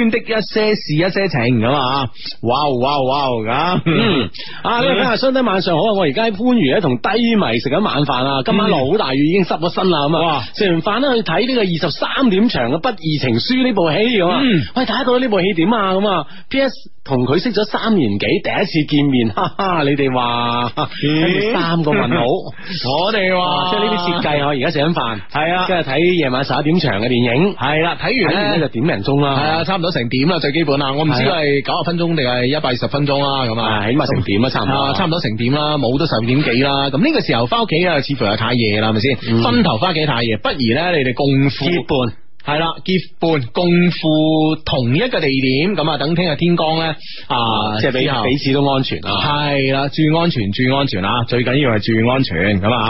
的一些事一些情咁、哦哦、啊！哇哇哇咁，嗯啊，呢位兄弟晚上好啊！我而家喺番禺咧，同低迷食緊晚飯啊！今晚落好大雨，已經濕咗身啦咁啊！哇，食完飯咧去睇呢個二十三點長嘅《不二情書》呢部戲咁啊！嗯、喂，睇到呢部戲點啊？咁啊？P.S. 同佢識咗三年幾，第一次見面，哈哈！你哋話？啊、三個問號？我哋話即係呢啲設計啊！我而家食緊飯，係啊，即係睇夜晚十一點長嘅電影，係啦、啊，睇完咧就點人鐘啦，係、啊、差唔多。成點啦，最基本啦，我唔知係九十分鐘定係一百二十分鐘啦，咁啊的，起碼樣成點啦，差唔多，的差唔多成點啦，冇得成點幾啦，咁呢個時候翻屋企啊，似乎又太夜啦，係咪先？分頭翻屋企太夜，不如咧，你哋共苦。係啦，結伴共赴同一個地點，咁啊，等聽日天光咧，啊，即係比彼此都安全啦、啊。係啦，注意安全，注意安全啊！最緊要係注意安全。咁啊，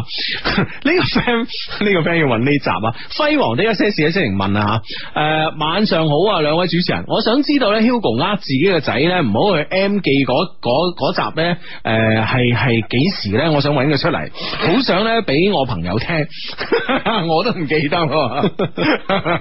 呢、這個 friend 呢、這個 friend 要搵呢集啊！輝煌的一些事，一些情問啊吓。誒、呃，晚上好啊，兩位主持人，我想知道咧，Hugo 自己嘅仔咧，唔好去 M 記嗰集咧，誒、呃，係係幾時咧？我想搵佢出嚟，好想咧俾我朋友聽， <laughs> 我都唔記得、啊.。 <laughs>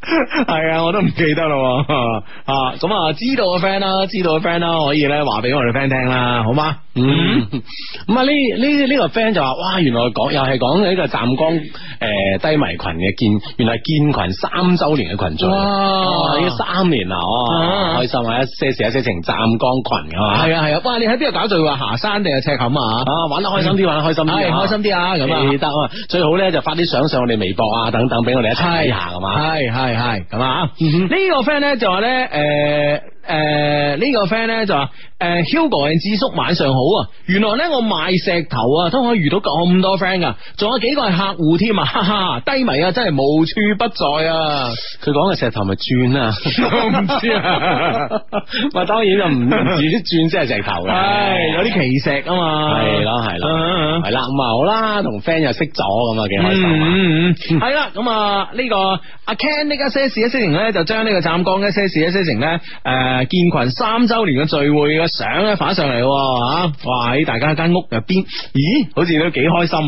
係、 <laughs> 嗯 yani，啊，我都唔記得咯。咁、嗯嗯嗯、啊，知道嘅 friend 啦，知道嘅 friend 啦，可以咧話俾我哋 friend 聽啦，好嗎？嗯。咁啊，呢呢呢個 friend 就話，哇，原來講又係講呢個湛江誒低迷群嘅建，原來建群三周年嘅群聚。哇！三年啊，開心啊，一些事一些情，湛江群噶嘛。係啊係啊，哇！你喺邊度搞聚會？霞山定係赤坎啊？玩得開心啲玩得開心啲、啊，開心啲啊！咁、哦、啊。記得啊，最好咧就發啲相上我哋微博啊，等等俾我哋一齊睇下係嘛。係係。係係，咁啊，呢個 friend 咧就話咧，誒。誒，呢、呃這個 friend 咧就話誒，Hugo 智叔晚上好啊！原來咧我賣石頭啊，都可以遇到咁多 friend 噶，仲有幾個係客戶添，啊，哈哈！低迷啊，真係無處不在啊！佢講嘅石頭咪鑽啊，我唔 <laughs> 知啊，咪當然就唔唔止啲鑽先係石頭嘅，唉，有啲奇石啊嘛，係咯，係啦，係啦，咁好啦，同 friend 又識咗咁啊，幾開心啊！係啦、嗯，咁、嗯、啊、 <laughs> 這個、呢個阿 Ken 呢個 sales 呢 e s 咧就將呢個湛江 s a s 呢 sales 咧誒。呃建群三周年嘅聚會嘅相咧發上嚟，吓哇喺大家間屋入邊，咦，好似都幾開心，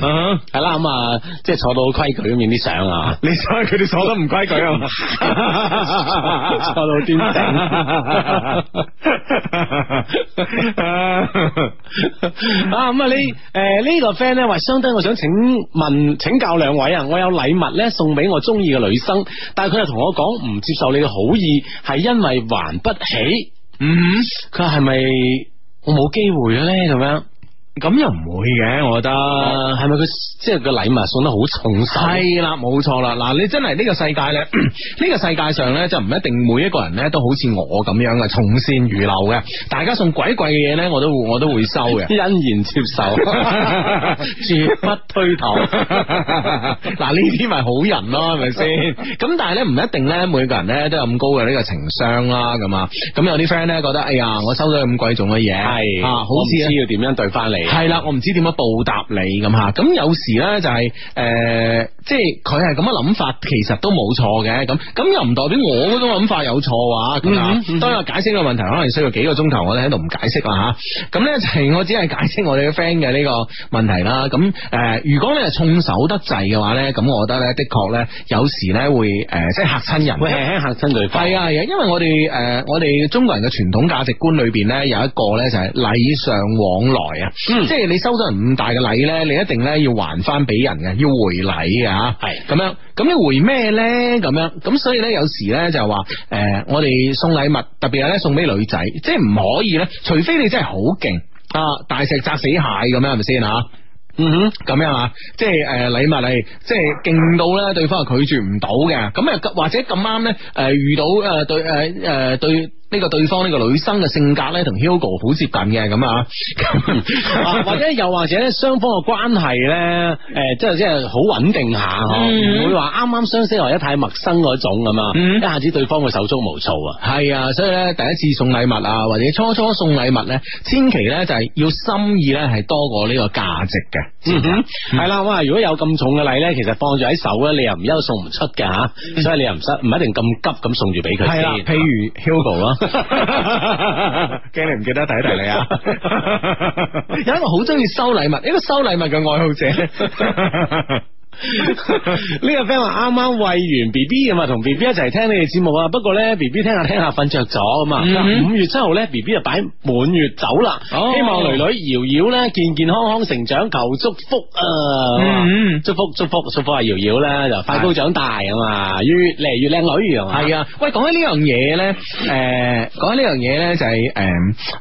嗯，係啦，咁啊，即係 <laughs> <laughs> 坐，坐到規矩咁影啲相，啊。你睇佢哋坐得唔規矩啊？坐到端正啊咁啊，呢誒呢個 friend 咧話，相當，我想請問請教兩位啊，我有禮物咧送俾我中意嘅女生，但係佢又同我講，唔接受你嘅好意，係因為。係還不起，嗯，佢係咪我冇機會咧？咁樣？咁又唔會嘅，我覺得係咪佢即係個禮物送得好重？係啦，冇錯啦。嗱，你真係呢個世界咧，呢個世界上咧就唔一定每一個人咧都好似我咁樣嘅從善如流嘅。大家送鬼貴嘅嘢咧，我都我都會收嘅，欣然接受， <laughs> 絕不推搪。嗱，呢啲咪好人咯，係咪先？咁 <laughs> 但係咧，唔一定咧，每個人咧都有咁高嘅呢個情商啦。咁啊，咁有啲 friend 咧覺得，哎呀，我收咗咁貴重嘅嘢，係啊，好似唔知要點樣對翻你。係啦，我唔知點樣報答你咁吓，咁有時呢就係、是、誒、呃，即係佢係咁樣諗法，其實都冇錯嘅，咁咁又唔代表我嗰種諗法有錯，話咁當然解釋個問題，可能需要幾個鐘頭，我哋喺度唔解釋啦，吓。咁呢就我只係解釋我哋嘅 friend 嘅呢個問題啦。咁誒、呃，如果你係重手得滯嘅話呢，咁我覺得呢，的確呢有時呢會誒，即係吓親人，吓親對方係啊，因為因為我哋誒、呃，我哋中國人嘅傳統價值觀裏邊呢，有一個呢就係禮尚往來啊。即係你收咗人咁大嘅禮呢，你一定呢要還翻俾人嘅，要回禮嘅係咁樣。咁你回咩呢？咁樣咁所以呢，有時呢就係話，誒、呃，我哋送禮物，特別係呢送俾女仔，即係唔可以呢，除非你真係好勁啊，大石砸死蟹咁樣，係咪先？嗯哼，咁樣啊，即係誒禮物係，即係勁到呢對方係拒絕唔到嘅。咁或者咁啱呢，誒遇到誒對誒誒對。呃呃呃呃呃呃呢個對方呢、呢個女生嘅性格呢，同 Hugo 好接近嘅咁啊，或者又或者呢，雙方嘅關係呢，誒、呃，即係即係好穩定下唔、嗯、會話啱啱相識或者太陌生嗰種咁啊，嗯、一下子對方會手足無措啊，係、嗯、啊，所以呢，第一次送禮物啊，或者初初送禮物呢，千祈呢，就係要心意呢，係多過呢個價值嘅，嗯哼，係啦、啊，哇、嗯啊，如果有咁重嘅禮呢，其實放住喺手呢，你又唔憂送唔出嘅、嗯、所以你又唔使唔一定咁急咁送住俾佢，係譬、嗯啊、如 Hugo 咯。驚 <laughs> 你唔記得睇一睇你啊！有一個好中意收禮物，一個收禮物嘅愛好者。呢 <laughs> <laughs> 個 friend 話啱啱餵完 B B 啊嘛，同 B B 一齊聽你哋節目啊。不過呢 B B 聽下聽下瞓着咗。啊嘛。五，嗯、哼月七號呢 B B 就擺滿月酒啦。哦、希望女女瑤瑤呢健健康康成長求，求祝福啊！祝福祝福祝福啊瑤瑤呢，就快高長大啊嘛，越嚟越靚女啊係啊，喂，講起呢樣嘢呢，誒、嗯，講起呢樣嘢呢，就係誒誒。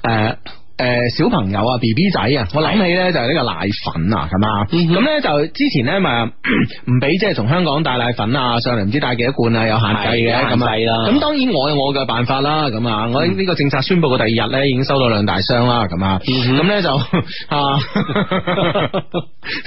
嗯誒、呃，小朋友啊，B B 仔啊，我諗起咧就係、嗯、哼呢個奶粉啊，咁啊，咁咧就之前咧咪唔俾即係從香港帶奶粉啊上嚟，唔知帶幾多罐啊，有限制嘅，限制啦。咁樣、嗯、當然我有我嘅辦法啦，咁啊，我呢個政策宣布嘅第二日咧，已經收到兩大箱啦，咁、嗯、哼啊，咁咧就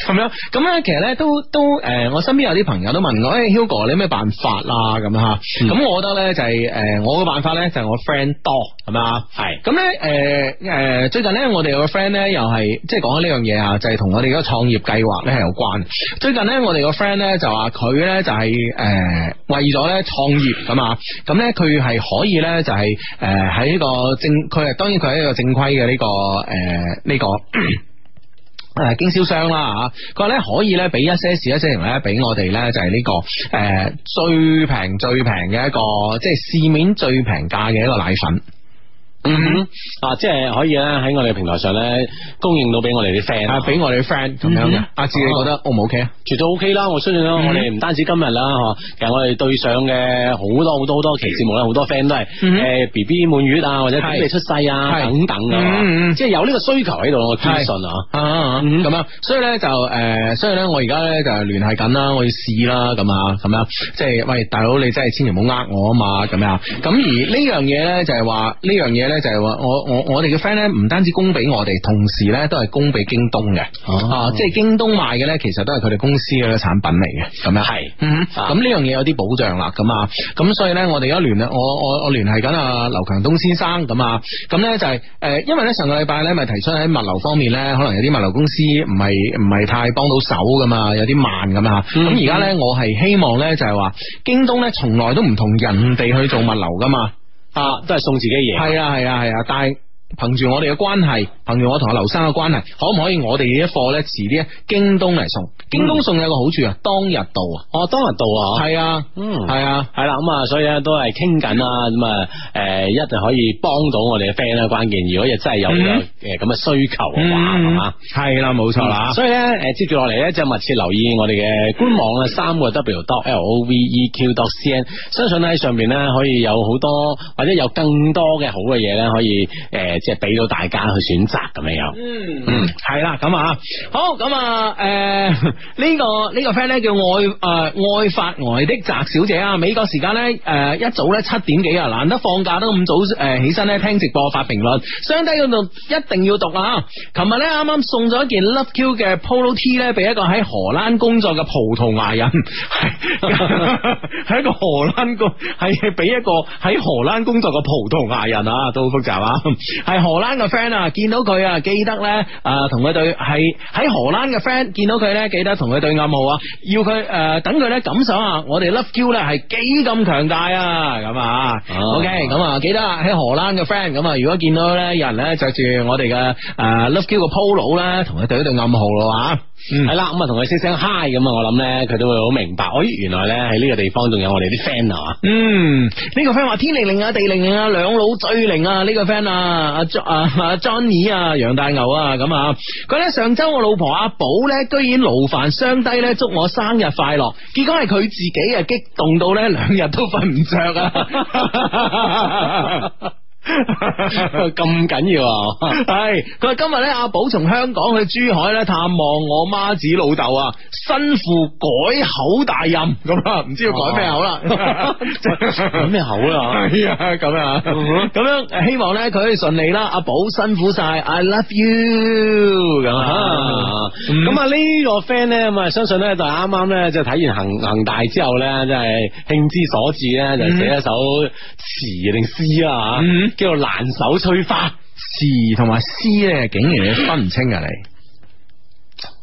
咁樣，咁咧其實咧都都誒、呃，我身邊有啲朋友都問我，誒、欸、，Hugo 你有咩辦法啊？咁啊，咁、嗯、我覺得咧就係、是、誒、呃，我嘅辦法咧就係我 friend 多，係咪啊？係是，咁咧誒誒。呃呃呃誒，最近咧，我哋個 friend 咧又係即係講緊呢樣嘢啊，就係、是、同我哋嗰個創業計劃咧係有關。最近咧，我哋個 friend 咧就話佢咧就係誒為咗咧創業咁啊，咁咧佢係可以咧就係誒喺呢個正，佢當然佢係一個正規嘅呢個誒呢個誒經銷商啦啊，佢話咧可以咧俾一些事一些情咧俾我哋咧就係呢個誒最平最平嘅一個即係市面最平價嘅一個奶粉。嗯，嗯啊，即係可以咧，喺我哋嘅平台上咧供應到俾我哋啲 friend，俾我哋啲 friend 咁樣嘅。阿志、嗯嗯啊、你覺得 O 唔 O K 啊？絕對 O、OK、K 啦。我相信我哋唔單止今日啦，吓、嗯嗯，其實我哋對上嘅好多好多好多期節目咧，好多 friend 都係誒 B B 滿月啊，或者準備出世啊是等等噶、嗯嗯、即係有呢個需求喺度，我堅信嗬、啊。啊啊啊！咁、嗯嗯、樣，所以咧就誒，所以咧我而家咧就聯繫緊啦，我要試啦，咁咁樣。即係、就是、喂，大佬你真係千祈唔好呃我啊嘛，咁樣。咁而呢樣嘢咧，就係話呢樣嘢咧。就係話我我我哋嘅 friend 咧，唔單止供俾我哋，同時咧都係供俾京東嘅，oh. 啊，即係京東賣嘅咧，其實都係佢哋公司嘅產品嚟嘅，咁樣係，嗯，咁呢樣嘢有啲保障啦，咁啊，咁所以咧，我哋而家聯我我我聯繫緊劉強東先生，咁啊，咁咧就係、是、誒，因為咧上個禮拜咧咪提出喺物流方面咧，可能有啲物流公司唔係唔係太幫到手噶嘛，有啲慢噶嘛。咁而家咧我係希望咧就係話京東咧從來都唔同人哋去做物流噶嘛。嗯啊，都係送自己嘢，啊，係啊係啊係啊，但係。憑住我哋嘅關係，憑住我同阿劉生嘅關係，可唔可以我哋呢啲貨咧遲啲京東嚟送？京東送有個好處啊，當日到啊，哦，當日到啊，係啊，嗯，係啊，係啦、嗯，咁啊，所以咧都係傾緊啊，咁啊，誒，一定可以幫到我哋嘅 friend 啦。關鍵如果亦真係有誒咁嘅需求嘅話、嗯、啊話係嘛，係啦，冇錯啦。所以咧，誒，接住落嚟咧就密切留意我哋嘅官網啊，嗯、三個 w dot l o v e q dot c n，相信喺上面咧可以有好多或者有更多嘅好嘅嘢咧可以誒。呃即係俾到大家去選擇咁樣樣，嗯，嗯，係啦，咁啊，好，咁啊，誒、呃，呢、這個呢、這個 friend 咧叫愛誒愛發外的翟小姐啊，美國時間咧誒一早咧七點幾啊，難得放假都咁早誒起身咧聽直播發評論，相低嗰度一定要讀啊！琴日咧啱啱送咗一件 Love Q 嘅 Polo T 咧俾一個喺荷蘭工作嘅葡萄牙人，係 <laughs> 一個荷蘭個係俾一個喺荷蘭工作嘅葡萄牙人啊，都好複雜啊！係荷蘭嘅 friend 啊，見到佢啊，記得咧誒，同佢對係喺荷蘭嘅 friend 見到佢咧，記得同佢對暗號啊，要佢誒等佢咧感受下我哋 love q 咧係幾咁強大啊，咁啊，ok 咁啊，記得啊，喺荷蘭嘅 friend，咁啊。如果見到咧有人咧着住我哋嘅誒 love q 嘅 polo 啦，同佢對一對暗號咯啊，係啦、嗯，咁啊同佢聲聲 hi 咁啊，我諗咧佢都會好明白，哎，原來咧喺呢個地方仲有我哋啲 friend 啊，嗯，呢、這個 friend 話天靈靈啊地靈靈啊兩老最靈啊呢個 friend 啊。啊 Johnny 啊，楊大牛啊，咁佢咧上周我老婆阿寶咧，居然勞煩雙低咧祝我生日快樂，結果係佢自己啊激動到咧兩日都瞓唔着。 <laughs> <laughs> 咁緊 <laughs> 要係佢話今日咧，阿寶從香港去珠海咧探望我媽子老豆啊，新婦改口大任咁啊，唔知要改咩口啦，改咩口啦，係啊咁啊咁樣希望咧佢順利啦，阿寶辛苦晒，I love you 咁啊，咁啊呢個 friend 咧咁啊，相信咧就啱啱咧就係睇完恒恒大之後咧，即係興之所至咧就寫一首詞定詩啊。吓、mm。Hmm. 叫做辣手摧花詞同埋詩咧，竟然你分唔清啊！你，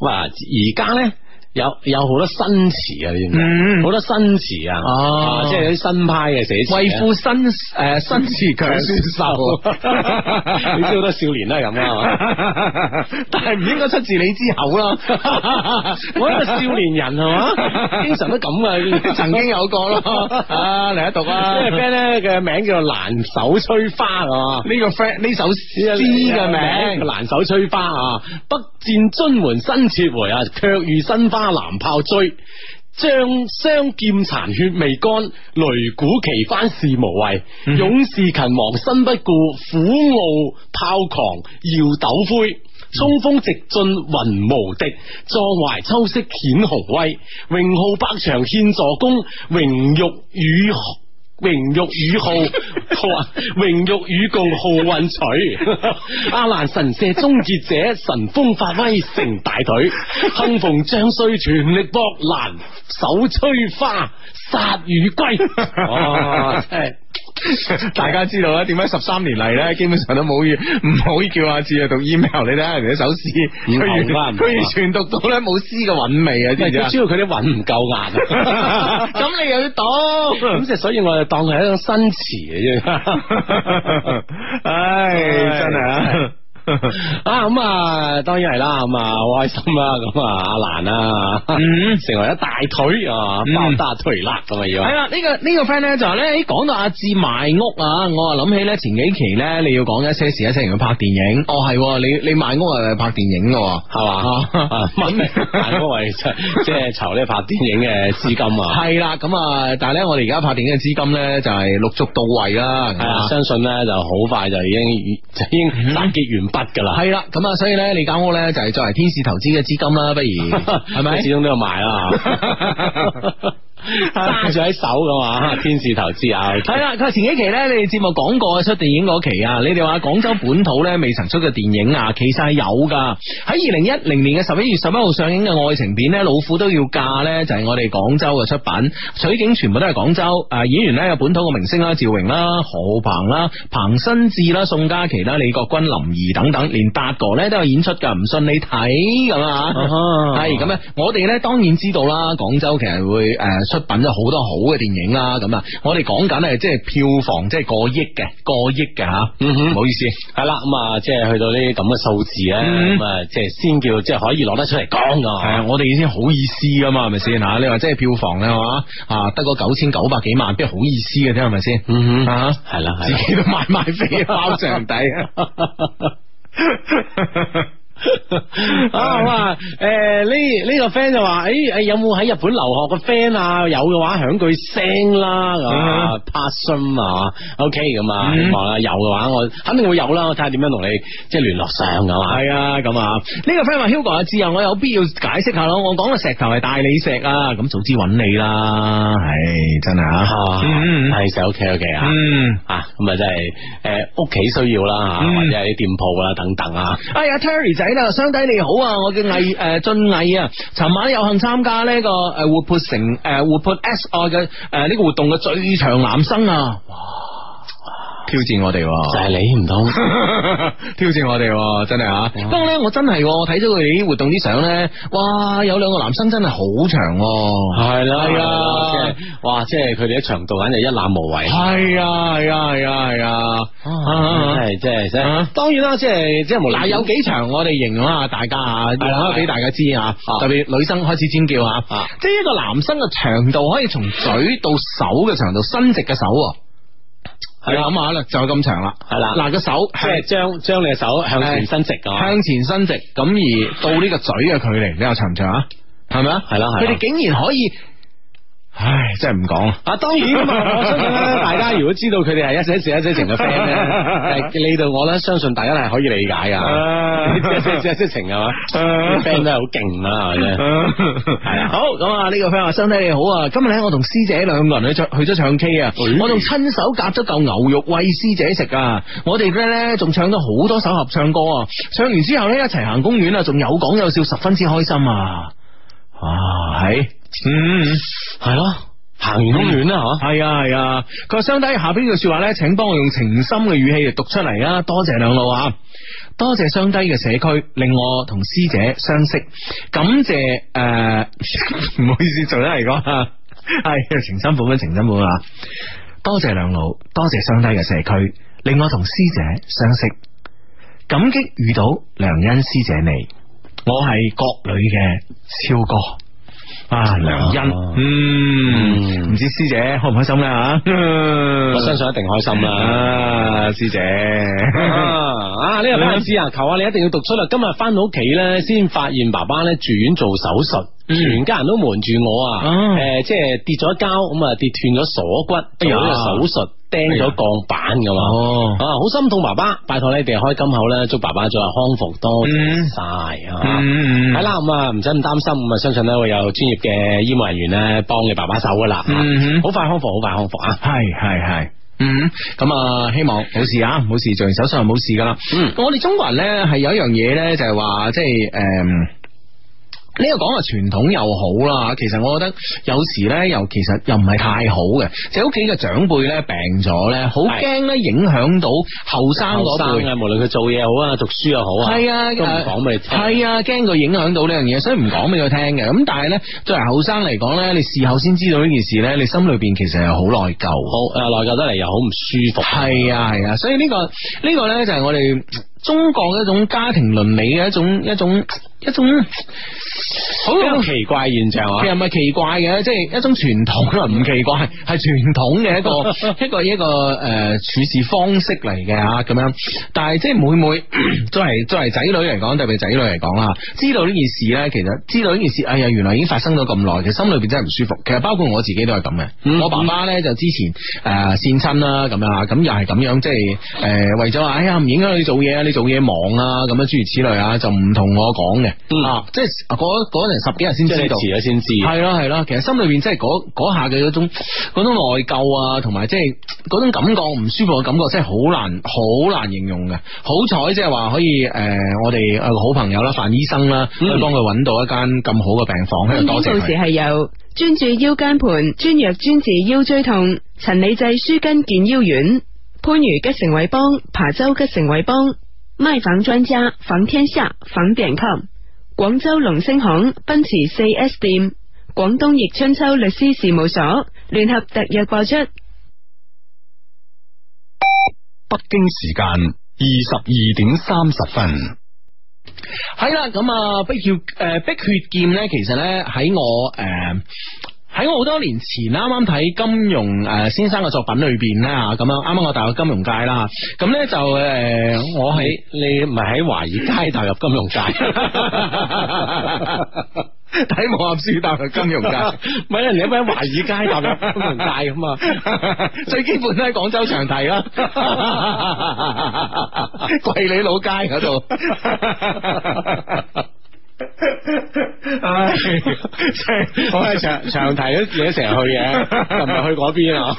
哇，而家咧。有有好多新詞啊呢啲，好多新詞啊，啊即係有啲新派嘅寫詞，為富新誒新詞強選手，你知好多少年都係咁啊，但係唔應該出自你之口咯，我一個少年人係嘛，經常都咁啊，曾經有過咯，啊嚟一讀啊 friend 咧嘅名叫做難手吹花啊，呢個 friend 呢首詩嘅名，難手吹花啊，北戰津門新撤回，卻遇新花。南炮追，將相劍殘血未乾，擂鼓旗翻事無畏，嗯、哼勇士勤王身不顧，虎傲豹狂耀斗灰，衝鋒直進雲無敵，壯懷、嗯、哼秋色顯雄威，榮浩百場獻助攻，榮辱與。榮辱與號，好啊！榮辱與共，號運取。阿蘭神社終結者，神風發威成大腿，幸逢將帥全力搏，蘭手吹花，殺如歸。啊 <laughs> 大家知道啦，點解十三年嚟咧，基本上都冇嘢，唔好叫阿志讀 email，你睇人哋一首詩，推完推完全讀到咧冇詩嘅韻味啊！即係主要佢啲韻唔夠硬，啊，咁你又要讀，咁即係所以我就當係一種新詞嘅啫，唉，真係。啊咁 <laughs> 啊，當然係啦，咁、嗯、好開心啦，咁阿蘭啊，啊蘭啊嗯、成為咗大腿爆、啊、大腿啦咁、嗯、啊！要係啦，呢、這個呢、這個 friend 咧就話咧，喺講到阿志賣屋，啊。我啊諗起咧前幾期咧你要講一些事，一些情去拍電影。哦，係你你賣屋係拍電影㗎係嘛？賣賣屋為即係即係籌呢拍電影嘅資金。啊。係啦，咁啊，但係咧我哋而家拍電影嘅資金咧就係陸續到位啦。了了我相信咧就好快就已經已經集結完。不噶啦，係啦，咁啊，所以咧，你間屋咧就係作為天使投資嘅資金啦，不如係咪？始終都有賣啦。吓。揸、啊、住喺手噶嘛？天使投資係啦。佢前幾期呢，你哋節目講過出電影嗰期啊，你哋話廣州本土呢，未曾出過電影啊，其實係有噶。喺二零一零年嘅十一月十一號上映嘅愛情片呢，《老虎都要嫁》呢，就係我哋廣州嘅出品，取景全部都係廣州。誒，演員呢有本土嘅明星啦，趙榮啦、何鵬啦、彭新智啦、宋嘉琪啦、李國君、林怡等等，連達哥呢都有演出噶。唔信你睇咁啊，係咁咧。啊、我哋呢當然知道啦，廣州其實會誒出。品咗好多好嘅電影啦，咁啊，我哋講緊係即係票房，即係過億嘅，過億嘅吓，嗯哼，唔好意思，係啦，咁啊，即係去到呢啲咁嘅數字咧，咁啊、嗯，即係先叫即係可以攞得出嚟講噶，係啊，我哋已經好意思噶嘛，係咪先吓？你話即係票房咧，係嘛啊，得個九千九百幾萬，邊好意思嘅啫，係咪先？嗯哼，啊，係啦，係自己都買買飛包場底。 <laughs> <laughs> <laughs> 啊好啊，誒、欸，呢、這、呢個 friend 就話：誒、欸、誒，有冇喺日本留學嘅 friend 啊？有嘅話響句聲啦，係 p a s、mm hmm. s o n 啊，OK 咁啊，OK mm hmm. 有嘅話我肯定會有啦。我睇下點樣同你即係聯絡上，係嘛？係啊，咁、嗯嗯、啊，呢、這個 friend 話：Hugo 阿志由，我有必要解釋下咯。我講嘅石頭係大理石啊，咁早知揾你啦。唉、哎，真係啊，係 OK OK 啊，啊咁啊，真係誒屋企需要啦吓，mm hmm. 或者係啲店鋪啦等等啊。哎、啊、呀，Terry 係啦，兄弟你好啊，我叫魏誒俊毅啊，尋晚有幸參加呢個誒活潑城誒活潑 S I 嘅誒呢個活動嘅最長男生啊。哇。挑戰我哋就係你唔通？挑戰我哋真係吓，不過咧我真係我睇咗佢哋啲活動啲相咧，哇有兩個男生真係好長，係啦，即係哇，即係佢哋啲長度簡直一覽無遺，係啊係啊係啊係啊，係即係當然啦，即係即係無。但有幾長？我哋形容下大家係俾大家知啊，特別女生開始尖叫啊，即係一個男生嘅長度可以從嘴到手嘅長度伸直嘅手啊。係啦，咁啊啦，的就咁長啦，係啦的，嗱個手向即係將將你嘅手向前伸直嘅，的向前伸直，咁而到呢個嘴嘅距離，比較的長唔長啊？係咪啊？係啦，係。佢哋竟然可以。唉，真係唔講啦。啊，當然啦，我相信大家如果知道佢哋係一些事一些情嘅 friend 咧，係理到我咧，相信大家係可以理解啊。一些事一些情係嘛，啲 friend 都係好勁啊真咪？係啊，好咁吧啊，呢吧個 friend 啊，兄弟你好啊，今日咧我同師姐兩個人去唱去咗唱 K 啊，我仲親手夾咗嚿牛肉餵師姐食啊。我哋咧咧仲唱咗好多首合唱歌，啊。唱完之後咧一齊行公園啊，仲有講有笑，十分之開心啊。啊，係。嗯，係咯，行完咁遠啦吓，係啊，係啊。佢話雙低下邊呢句說話咧，請幫我用情深嘅語氣嚟讀出嚟啊！多謝兩老啊，多謝雙低嘅社區令我同師姐相識，感謝誒，唔、呃、 <laughs> 好意思，做得嚟講，係情深款嘅情深款啊！多謝兩老，多謝雙低嘅社區令我同師姐相識，感激遇到梁恩師姐你，我係國女嘅超哥。恩，啊、嗯，唔知師姐開唔開心啦、啊、吓，我相信一定開心啦、啊 <laughs> 啊，師姐 <laughs> 啊，呢個班師啊，求下你一定要讀書啦，今日翻到屋企咧，先發現爸爸咧住院做手術。全家人都瞞住我，誒、哦，呃，即係跌咗膠咁跌斷咗鎖骨，呢有手術、哎、呀釘咗鋼板噶嘛，哎哦、啊，好心痛，爸爸，拜託你哋開金口咧，祝爸爸早日康復多啲晒，係啦、嗯，咁唔使咁擔心，咁相信咧會有專業嘅醫務人員咧幫你爸爸手噶啦，好快康復，好快康復啊，係係係，嗯，咁、啊嗯啊、希望冇事啊，冇事，做完手術、嗯、就冇事噶啦，嗯，我哋中國人咧係有一樣嘢咧，就係話即係誒。呢個講話傳統又好啦，其實我覺得有時呢又其實又唔係太好嘅。就屋企嘅長輩呢，病咗呢，好驚呢影響到後生嗰輩，無論佢做嘢又好，讀書又好，係啊的，講俾你聽。係啊，驚佢影響到呢樣嘢，所以唔講俾佢聽嘅。咁但係呢，作為後生嚟講呢，你事後先知道呢件事呢，你心裏邊其實又好內疚，好誒的，內疚得嚟又好唔舒服。係啊係啊，所以呢、呢個呢、呢個呢，就係我哋中國嘅一種家庭倫理嘅一種一種。一種一種一種好奇怪現象、啊，其實唔係奇怪嘅，即、就、係、是、一種傳統啊，唔 <laughs> 奇怪，係傳統嘅一個 <laughs> 一個一個誒、呃、處事方式嚟嘅，吓咁樣。但係即係每每作為作為仔女嚟講，特別仔女嚟講啦，知道呢件事咧，其實知道呢件事，哎呀，原來已經發生咗咁耐，其實心裏邊真係唔舒服。其實包括我自己都係咁嘅，嗯、我爸爸咧就之前誒善親啦咁樣，咁又係咁樣，即係誒、呃、為咗話，哎呀，唔影響你做嘢啊，你做嘢忙啊，咁樣諸如此類啊，就唔同我講嘅。嗯、啊！即係嗰嗰陣十幾日先知道，遲咗先知，係咯係咯。其實心裏邊即係嗰下嘅嗰種嗰種內疚啊，同埋即係嗰種感覺唔舒服嘅感覺，真係好難好難形容嘅。好彩即係話可以誒、呃，我哋有個好朋友啦，范醫生啦，去幫佢搵到一間咁好嘅病房。歡迎到時係由專注腰間盤專藥專治腰椎痛，陳李濟舒筋健腰丸，番禺吉成偉邦，琶洲吉成偉邦，賣房專家房天下房點 c 廣州龍星行奔馳四 S 店、廣東易春秋律師事務所聯合特約播出。北京時間二十二點三十分。係啦，咁啊，碧血誒，碧血劍呢，其實呢，喺我誒，呃喺我好多年前啱啱睇金融誒先生嘅作品裏邊咧，咁樣啱啱我踏入金融界啦，咁咧就誒我喺你唔係喺華爾街踏入金融界，睇武俠書踏入金融界，咪人你喺華爾街踏入金融界咁啊，最基本都喺廣州長堤啦，啊， <laughs> 桂里老街嗰度。 <laughs> 我係長長提咗嘢成日去嘅，唔係去嗰邊啊。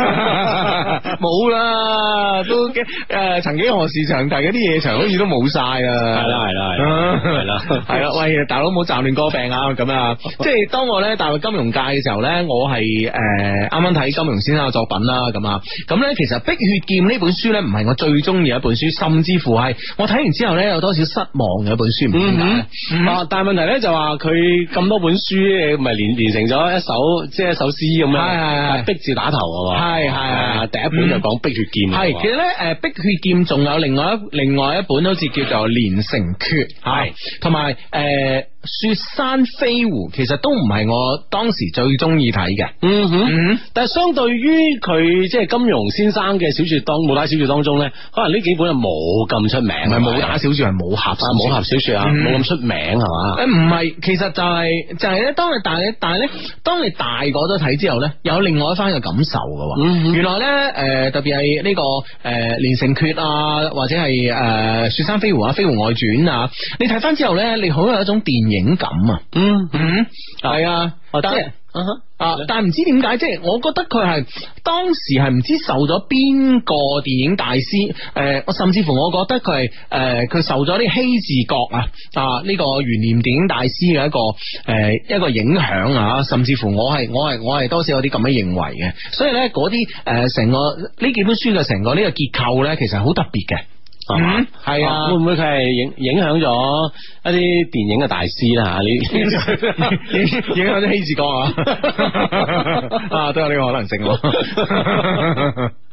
冇啦， <laughs> <laughs> 都誒、呃，曾經何時長提嗰啲嘢長，好似都冇晒啊。係啦係啦係，啦係啦，喂，大佬唔好斬亂歌柄啊，咁啊， <laughs> 即係當我咧踏入金融界嘅時候咧，我係誒啱啱睇金融先生嘅作品啦，咁啊，咁咧其實《碧血劍》呢本書咧，唔係我最中意嘅一本書，甚至乎係我睇完之後咧，有多少失望嘅一本書，唔知點解，但。問題咧就話佢咁多本書，誒，唔係連連成咗一首，即係一首詩咁樣，係系系，碧字打頭係嘛？系系系，第一本就講碧血劍，係其實咧，誒，碧血劍仲有另外一另外一本，好似叫做連城訣，係同埋誒。雪山飛狐其實都唔係我當時最中意睇嘅，嗯哼、mm，hmm。但係相對於佢即係金庸先生嘅小說當武打小說當中呢，可能呢幾本就冇咁出名，唔係武打小說係武俠，武俠吧小說啊，冇咁、mm hmm。出名係嘛？誒唔係，其實就係、是、就係、是、咧，當你大但係咧，當你大個咗睇之後呢，有另外一番嘅感受喎。Mm hmm。原來呢，誒、呃、特別係呢個誒、呃、連城訣啊，或者係誒、呃、雪山飛狐啊，飛狐外傳啊，你睇翻之後呢，你好有一種電影。影感、嗯嗯、是啊，嗯但嗯係啊，即係啊，但係唔知點解，即係我覺得佢係當時係唔知受咗邊個電影大師，誒、呃，我甚至乎我覺得佢係誒，佢、呃、受咗啲希治閣啊，啊、這、呢個懸念電影大師嘅一個誒、呃、一個影響啊，甚至乎我係我係我係多少有啲咁樣認為嘅，所以咧嗰啲誒成個呢幾本書嘅成個呢個結構咧，其實好特別嘅。係啊，會唔會佢係影影響咗一啲電影嘅大師啦？吓，影影響咗希治閣啊，啊，都有呢個可能性。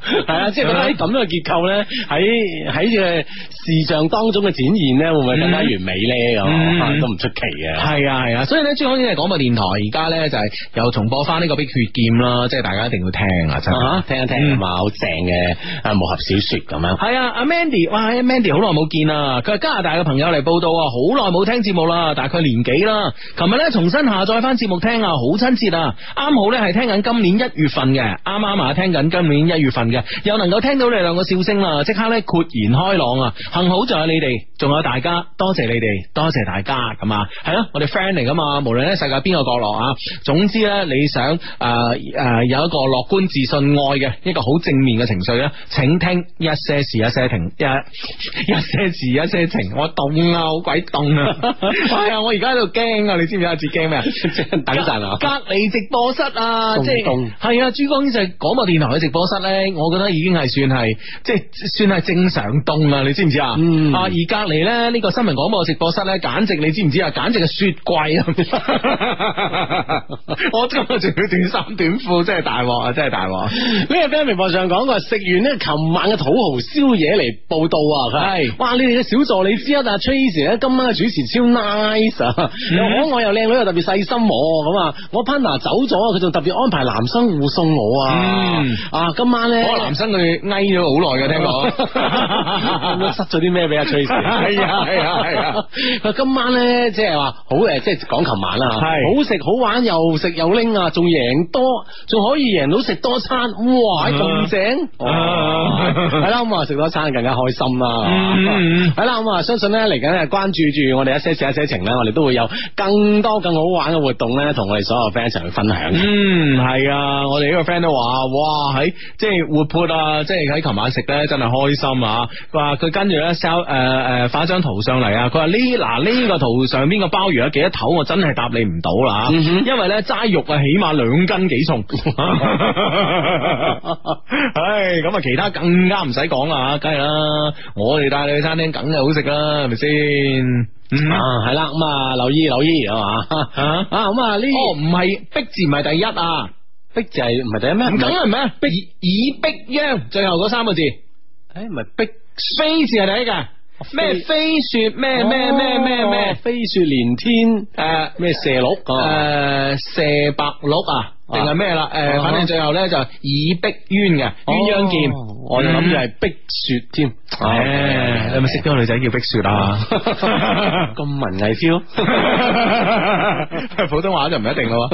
係啊，即係咁樣嘅結構咧，喺喺嘅視像當中嘅展現咧，會唔會更加完美咧？咁都唔出奇嘅。係啊係啊，所以咧，珠江即係廣播電台而家咧就係又重播翻呢個《碧血劍》啦，即係大家一定要聽啊，真聽一聽係嘛，好正嘅誒武俠小說咁樣。係啊，阿 Mandy，哇！阿、哎、Mandy 好耐冇見啦，佢係加拿大嘅朋友嚟報道，好耐冇聽節目啦。大概年幾啦？琴日咧重新下載翻節目聽，好親切啊！啱好咧係聽緊今年一月份嘅，啱啱啊聽緊今年一月份嘅，又能夠聽到你兩個笑聲啦，即刻咧豁然開朗啊！幸好仲有你哋，仲有大家，多謝你哋，多謝大家咁啊，係咯，我哋 friend 嚟噶嘛，無論咧世界邊個角落啊，總之咧你想誒誒、呃呃、有一個樂觀自信愛嘅一個好正面嘅情緒啊。請聽一些事一些停。一些事，一些情，我凍啊，好鬼凍啊！係啊、 <laughs> 哎，我而家喺度驚啊！你知唔知阿哲驚咩啊？即係等陣，隔籬直播室啊！東即係係啊！珠江就廣播電台嘅直播室咧，我覺得已經係算係即係算係正常凍啊！你知唔知道、嗯、啊？嗯，而隔籬咧呢、這個新聞廣播直播室咧，簡直你知唔知啊？簡直係雪櫃啊！ <laughs> <laughs> 我今日仲要短衫短褲，真係大鑊啊！真係大鑊！呢個喺微博上講，話食完咧琴晚嘅土豪宵夜嚟報道。係哇！你哋嘅小助理之一啊，Tracy 咧今晚嘅主持超 nice，啊！又可愛又靚女又特別細心。咁啊，我 partner 走咗，佢仲特別安排男生護送我。啊、嗯！啊，今晚咧，嗰個男生佢翳咗好耐嘅，聽講。咁 <laughs> 塞咗啲咩俾阿 Tracy 係啊係啊！佢、啊啊啊、今晚咧即係話好誒，即係講琴晚啦，係好食好玩又食又拎，啊，仲贏多，仲可以贏到食多餐。哇！咁正係啦，咁啊食、啊 <laughs> 嗯、多餐更加開心。咁，係啦，咁啊，相信咧嚟緊咧，關注住我哋一些事、一些情咧，我哋都會有更多更好玩嘅活動咧，同我哋所有 friend 一齊去分享。嗯，係啊，我哋呢個 friend 都話，哇，喺、哎、即係活潑啊，即係喺琴晚食咧，真係開心啊！佢話佢跟住咧，收誒誒，發一張圖上嚟啊！佢話呢嗱呢個圖上邊嘅鮑魚有幾多頭，我真係答你唔到啦，嗯、哼因為咧齋肉啊，起碼兩斤幾重。唉 <laughs> <laughs> 哎，咁、嗯、啊，其他更加唔使講啦，梗係啦。我哋帶你去餐廳梗係好食啦，係咪先？嗯、啊，係啦，咁啊，留意留意係嘛？啊，咁啊呢？哦，唔係逼字唔係第一啊，逼字係唔係第一咩？唔緊啊，唔係咩？逼，逼以逼央，最後嗰三個字，誒、欸，唔係逼飛字係第一嘅，咩飛，飛雪咩咩咩咩咩飛雪連天誒，咩、啊、射鹿？誒、啊，射白鹿啊！定係咩啦？誒，反正最後咧就以璧冤嘅鴛鴦劍，我諗就係碧雪添。誒，你咪識嗰個女仔叫碧雪啊？咁文藝 feel，普通話就唔一定咯。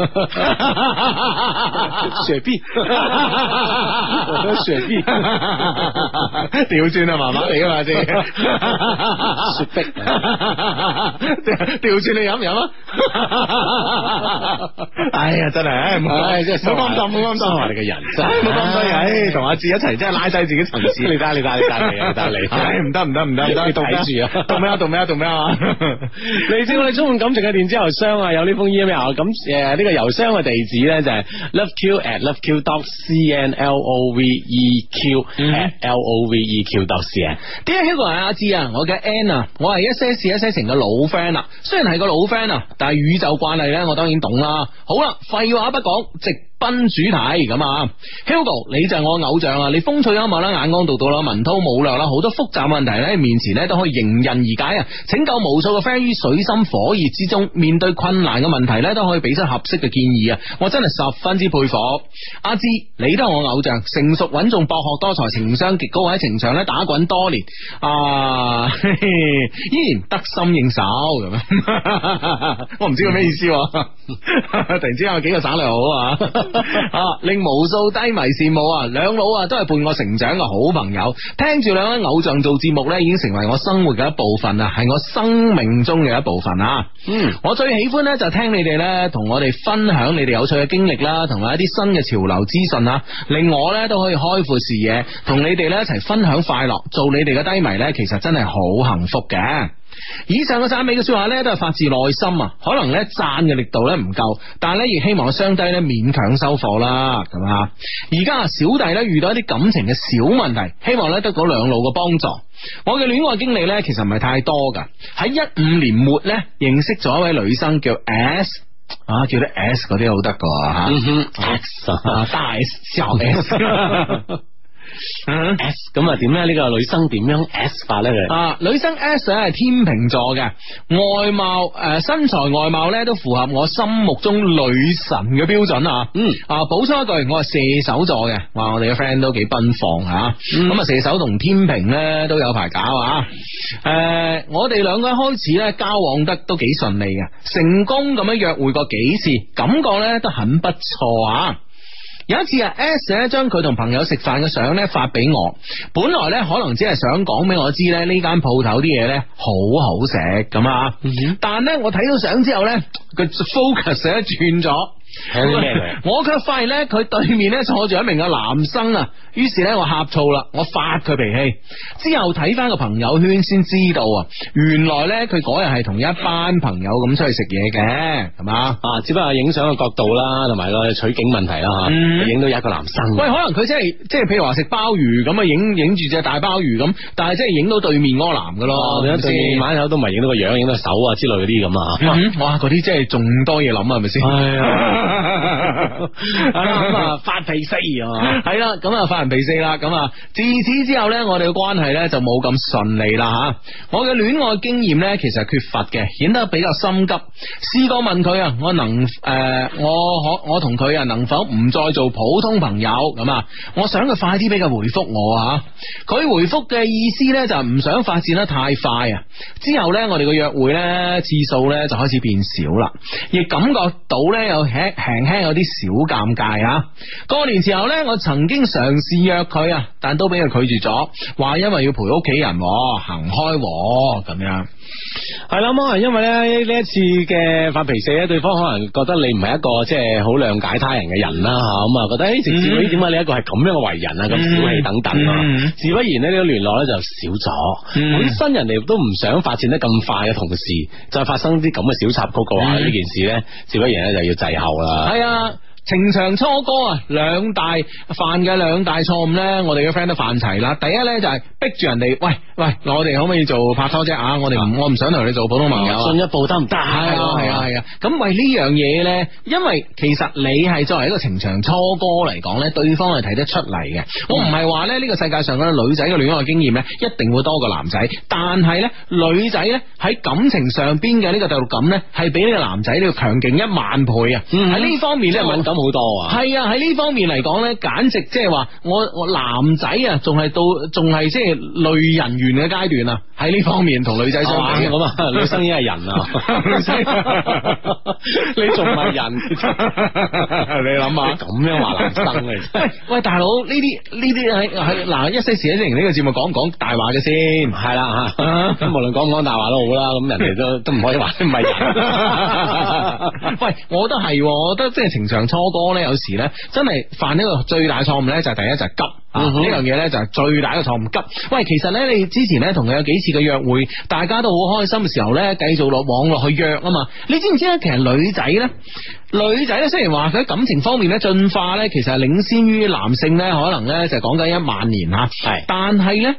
雪碧，雪碧，調轉啊，麻麻嚟啊嘛先。雪碧，調轉你飲唔飲啊？哎呀，真係。唉，真係冇功德冇功德啊！你嘅人真係冇功德。唉，同阿志一齊真係拉晒自己層次。你帶你帶你帶你帶你，唔得唔得唔得，你凍住啊！凍咩啊？凍咩啊？凍咩啊？你知我哋充滿感情嘅電子郵箱啊，有呢封 email。咁誒，呢個郵箱嘅地址咧就係 love q at love q dot c n l o v e q at l o v e q dot c n。點解呢個係阿志啊？我嘅 N 啊，我係一些事一些情嘅老 friend 啊。雖然係個老 friend 啊，但係宇宙慣例咧，我當然懂啦。好啦，廢話不講。直奔主題咁啊！Hugo，你就係我偶像啊！你風趣幽默啦，眼光獨到啦，文韜武略啦，好多複雜問題咧面前咧都可以迎刃而解啊！拯救無數嘅 friend 於水深火熱之中，面對困難嘅問題咧都可以俾出合適嘅建議啊！我真係十分之佩服。阿芝，你都係我偶像，成熟穩重，博學多才，情商極高，喺情場咧打滾多年，啊。嘿嘿依然得心應手咁啊！樣 <laughs> 我唔知佢咩意思，嗯、突然之間有幾個省略號啊。 <laughs> 令無數低迷羨慕啊，兩老啊都係伴我成長嘅好朋友，聽住兩位偶像做節目呢，已經成為我生活嘅一部分啦，係我生命中嘅一部分啊。嗯，我最喜歡呢，就聽你哋呢，同我哋分享你哋有趣嘅經歷啦，同埋一啲新嘅潮流資訊啊。令我呢都可以開闊視野，同你哋呢一齊分享快樂，做你哋嘅低迷呢，其實真係好幸福嘅。以上嘅讚美嘅說話呢，都係發自內心啊！可能呢，讚嘅力度呢唔夠，但係呢亦希望個雙低呢，勉強收貨啦，咁啊！而家小弟呢，遇到一啲感情嘅小問題，希望呢得嗰兩路嘅幫助。我嘅戀愛經歷呢，其實唔係太多噶。喺一五年末呢，認識咗一位女生叫 S，啊，叫啲 S 嗰啲好得噶吓，X，啊，大 S 小 S。 <laughs> S 嗯，S 咁點咧？呢、這個女生點樣 S 法呢？啊、呃，女生 S 咧係天秤座嘅，外貌誒、呃、身材外貌呢都符合我心目中女神嘅標準啊。嗯，補、啊、充一句，我係射手座嘅，話我哋嘅 friend 都幾奔放吓。咁射手同天秤呢都有排搞啊。誒、嗯啊呃，我哋兩個開始呢，交往得都幾順利嘅，成功咁樣約會過幾次，感覺呢都很不錯啊。有一次啊，S 咧將佢同朋友食飯嘅相咧發俾我，本來咧可能只係想講俾我知咧呢間鋪頭啲嘢咧好好食咁啊，但係咧我睇到相之後咧個 focus 咧轉咗。睇啲咩嚟？ <laughs> 我卻發現咧，佢對面咧坐住一名嘅男生啊。於是咧，我呷醋啦，我發佢脾氣。之後睇翻個朋友圈先知道啊，原來咧佢嗰日係同一班朋友咁出去食嘢嘅，係嘛？啊，只不過影相嘅角度啦，同埋個取景問題啦，吓影、嗯、到一個男生。喂，可能佢真係即係譬如話食鮑魚咁啊，影影住隻大鮑魚咁，但係即係影到對面嗰男噶咯，晚咪、啊、都唔係影到個樣，影到手啊之類嗰啲咁啊。哇，嗰啲即係仲多嘢諗啊，係咪先？係啊。係啦，咁發脾氣嘛，係、嗯、啦，咁發人脾氣啦。咁啊，自此之後呢，我哋嘅關係呢就冇咁順利啦。吓，我嘅戀愛經驗呢，其實係缺乏嘅，顯得比較心急。試過問佢啊、呃，我能誒，我可我同佢啊能否唔再做普通朋友咁啊？我想佢快啲俾佢回復我啊。佢回復嘅意思呢，就唔想發展得太快啊。之後呢，我哋嘅約會呢，次數呢，就開始變少啦，亦感覺到呢，有。輕輕有啲小尷尬，過年時候咧，我曾經嘗試約佢啊，但都俾佢拒絕咗，話因為要陪屋企人行開咁樣。係啦，可能因為咧呢一次嘅發脾氣咧，對方可能覺得你唔係一個即係好諒解他人嘅人啦，吓咁啊覺得誒，直接點解你一個係咁樣嘅為人啊，咁、嗯、小氣等等，嗯嗯、自不然咧呢個聯絡咧就少咗，咁、嗯、本身人哋都唔想發展得咁快嘅同時，就發生啲咁嘅小插曲嘅話，呢、嗯、件事咧自不然咧就要滯後啦，係啊、嗯。情場初哥啊，兩大犯嘅兩大錯誤呢，我哋嘅 friend 都犯齊啦。第一呢，就係逼住人哋，喂喂，我哋可唔可以做拍拖啫啊？嗯、我哋我唔想同你做普通朋友。進一步得唔得？係啊係啊係啊。咁喂，呢樣嘢呢，因為其實你係作為一個情場初哥嚟講呢，對方係睇得出嚟嘅。嗯、我唔係話呢，呢個世界上嘅女仔嘅戀愛的經驗呢，一定會多過男仔，但係呢，女仔呢，喺感情上邊嘅呢個第六感呢，係比呢個男仔呢要強勁一萬倍啊！喺呢、嗯、方面呢，敏感。好多啊！係啊，喺呢方面嚟講咧，簡直即係話我我男仔啊，仲係到仲係即係類人猿嘅階段在這啊！喺呢方面同女仔相比咁，女生已經係人啊。 <laughs> 你仲唔係人？ <laughs> 你諗下咁樣話，啊，男生喂，啊、 <laughs> 喂，大佬呢啲呢啲係係嗱一些事一些情呢個節目講講大話嘅先係啦吓，啊， <laughs> 無論講唔講大話都好啦，咁人哋都都唔可以話唔係人。 <laughs> 喂，我覺得係，我覺得即係情場初。哥咧，有時咧，真係犯呢個最大錯誤咧，就係第一就係急呢樣嘢咧，就係、嗯、哼最大嘅個錯誤。急喂，其實咧，你之前咧同佢有幾次嘅約會，大家都好開心嘅時候咧，繼續落網絡去約啊嘛。你知唔知咧？其實女仔咧，女仔咧，雖然話佢喺感情方面咧進化咧，其實係領先於男性咧，可能咧就係講緊一萬年吓。係是，但係咧，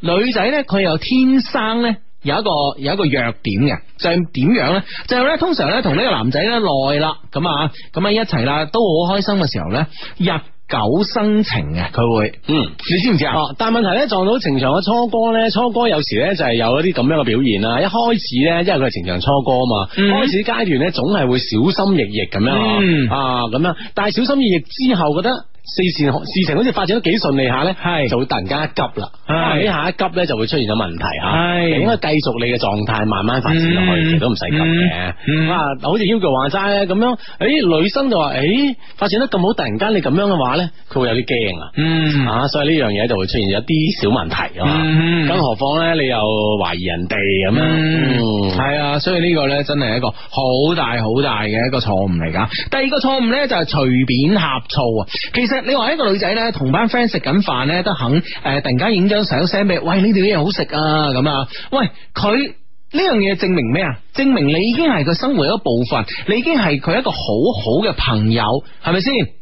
女仔咧佢又天生咧。有一個有一個弱點嘅，就係點樣呢？就係呢，通常呢，同呢個男仔呢，耐啦，咁啊咁啊一齊啦，都好開心嘅時候呢，日久生情嘅，佢會，嗯，你知唔知啊？但問題呢，撞到情場嘅初哥呢，初哥有時呢，就係有一啲咁樣嘅表現啦。一開始呢，因為佢係情場初哥啊嘛，嗯、開始階段呢，總係會小心翼翼咁樣、嗯、啊，咁樣，但係小心翼翼之後覺得。事情好似發展得幾順利下咧，係是就會突然間一急啦，喺是、啊、下一急咧就會出現咗問題吓，係應該繼續你嘅狀態，慢慢發展落去，其實、嗯，都唔使急嘅。嗯嗯、啊，好似要求話齋咧咁樣，誒、欸，女生就話誒、欸，發展得咁好，突然間你咁樣嘅話咧，佢會有啲驚啊，嗯、啊，所以呢樣嘢就會出現一啲小問題噶嘛、嗯啊。更何況咧你又懷疑人哋咁樣，係、嗯啊，嗯、啊，所以呢個咧真係一個好大好大嘅一個錯誤嚟噶。第二個錯誤咧就係隨便呷醋啊，其實。你話一個女仔呢，同班 friend 食緊飯呢，都肯誒，突然間影張相 send 俾，喂呢碟啲嘢好食啊，咁啊，喂，佢呢、啊、樣嘢證明咩啊？證明你已經係佢生活一部分，你已經係佢一個好好嘅朋友，係咪先？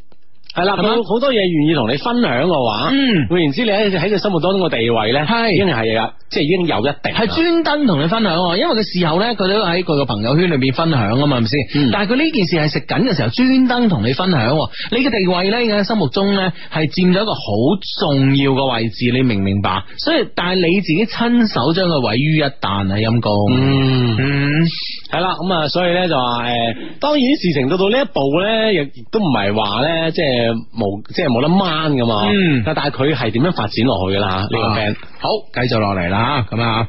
係啦，咁好多嘢願意同你分享嘅話，嗯，換言之，你喺佢心目當中嘅地位咧，係已經係啊，是即係已經有一定，係專登同你分享。因為佢事後呢，佢都喺佢個朋友圈裏面分享啊嘛，係咪先？嗯、但係佢呢件事係食緊嘅時候，專登同你分享。你嘅地位咧，喺心目中呢，係佔咗一個好重要嘅位置。你明唔明白？所以但係你自己親手將佢毀於一旦啊！陰公，嗯嗯，係啦、嗯，咁啊、嗯，所以呢就話誒，當然事情到到呢一步呢，亦都唔係話呢，即係。誒，冇即係冇得掹噶嘛，嗯、但係佢係點樣發展落去噶啦？呢、啊、個病，好繼續落嚟啦，咁啊，誒、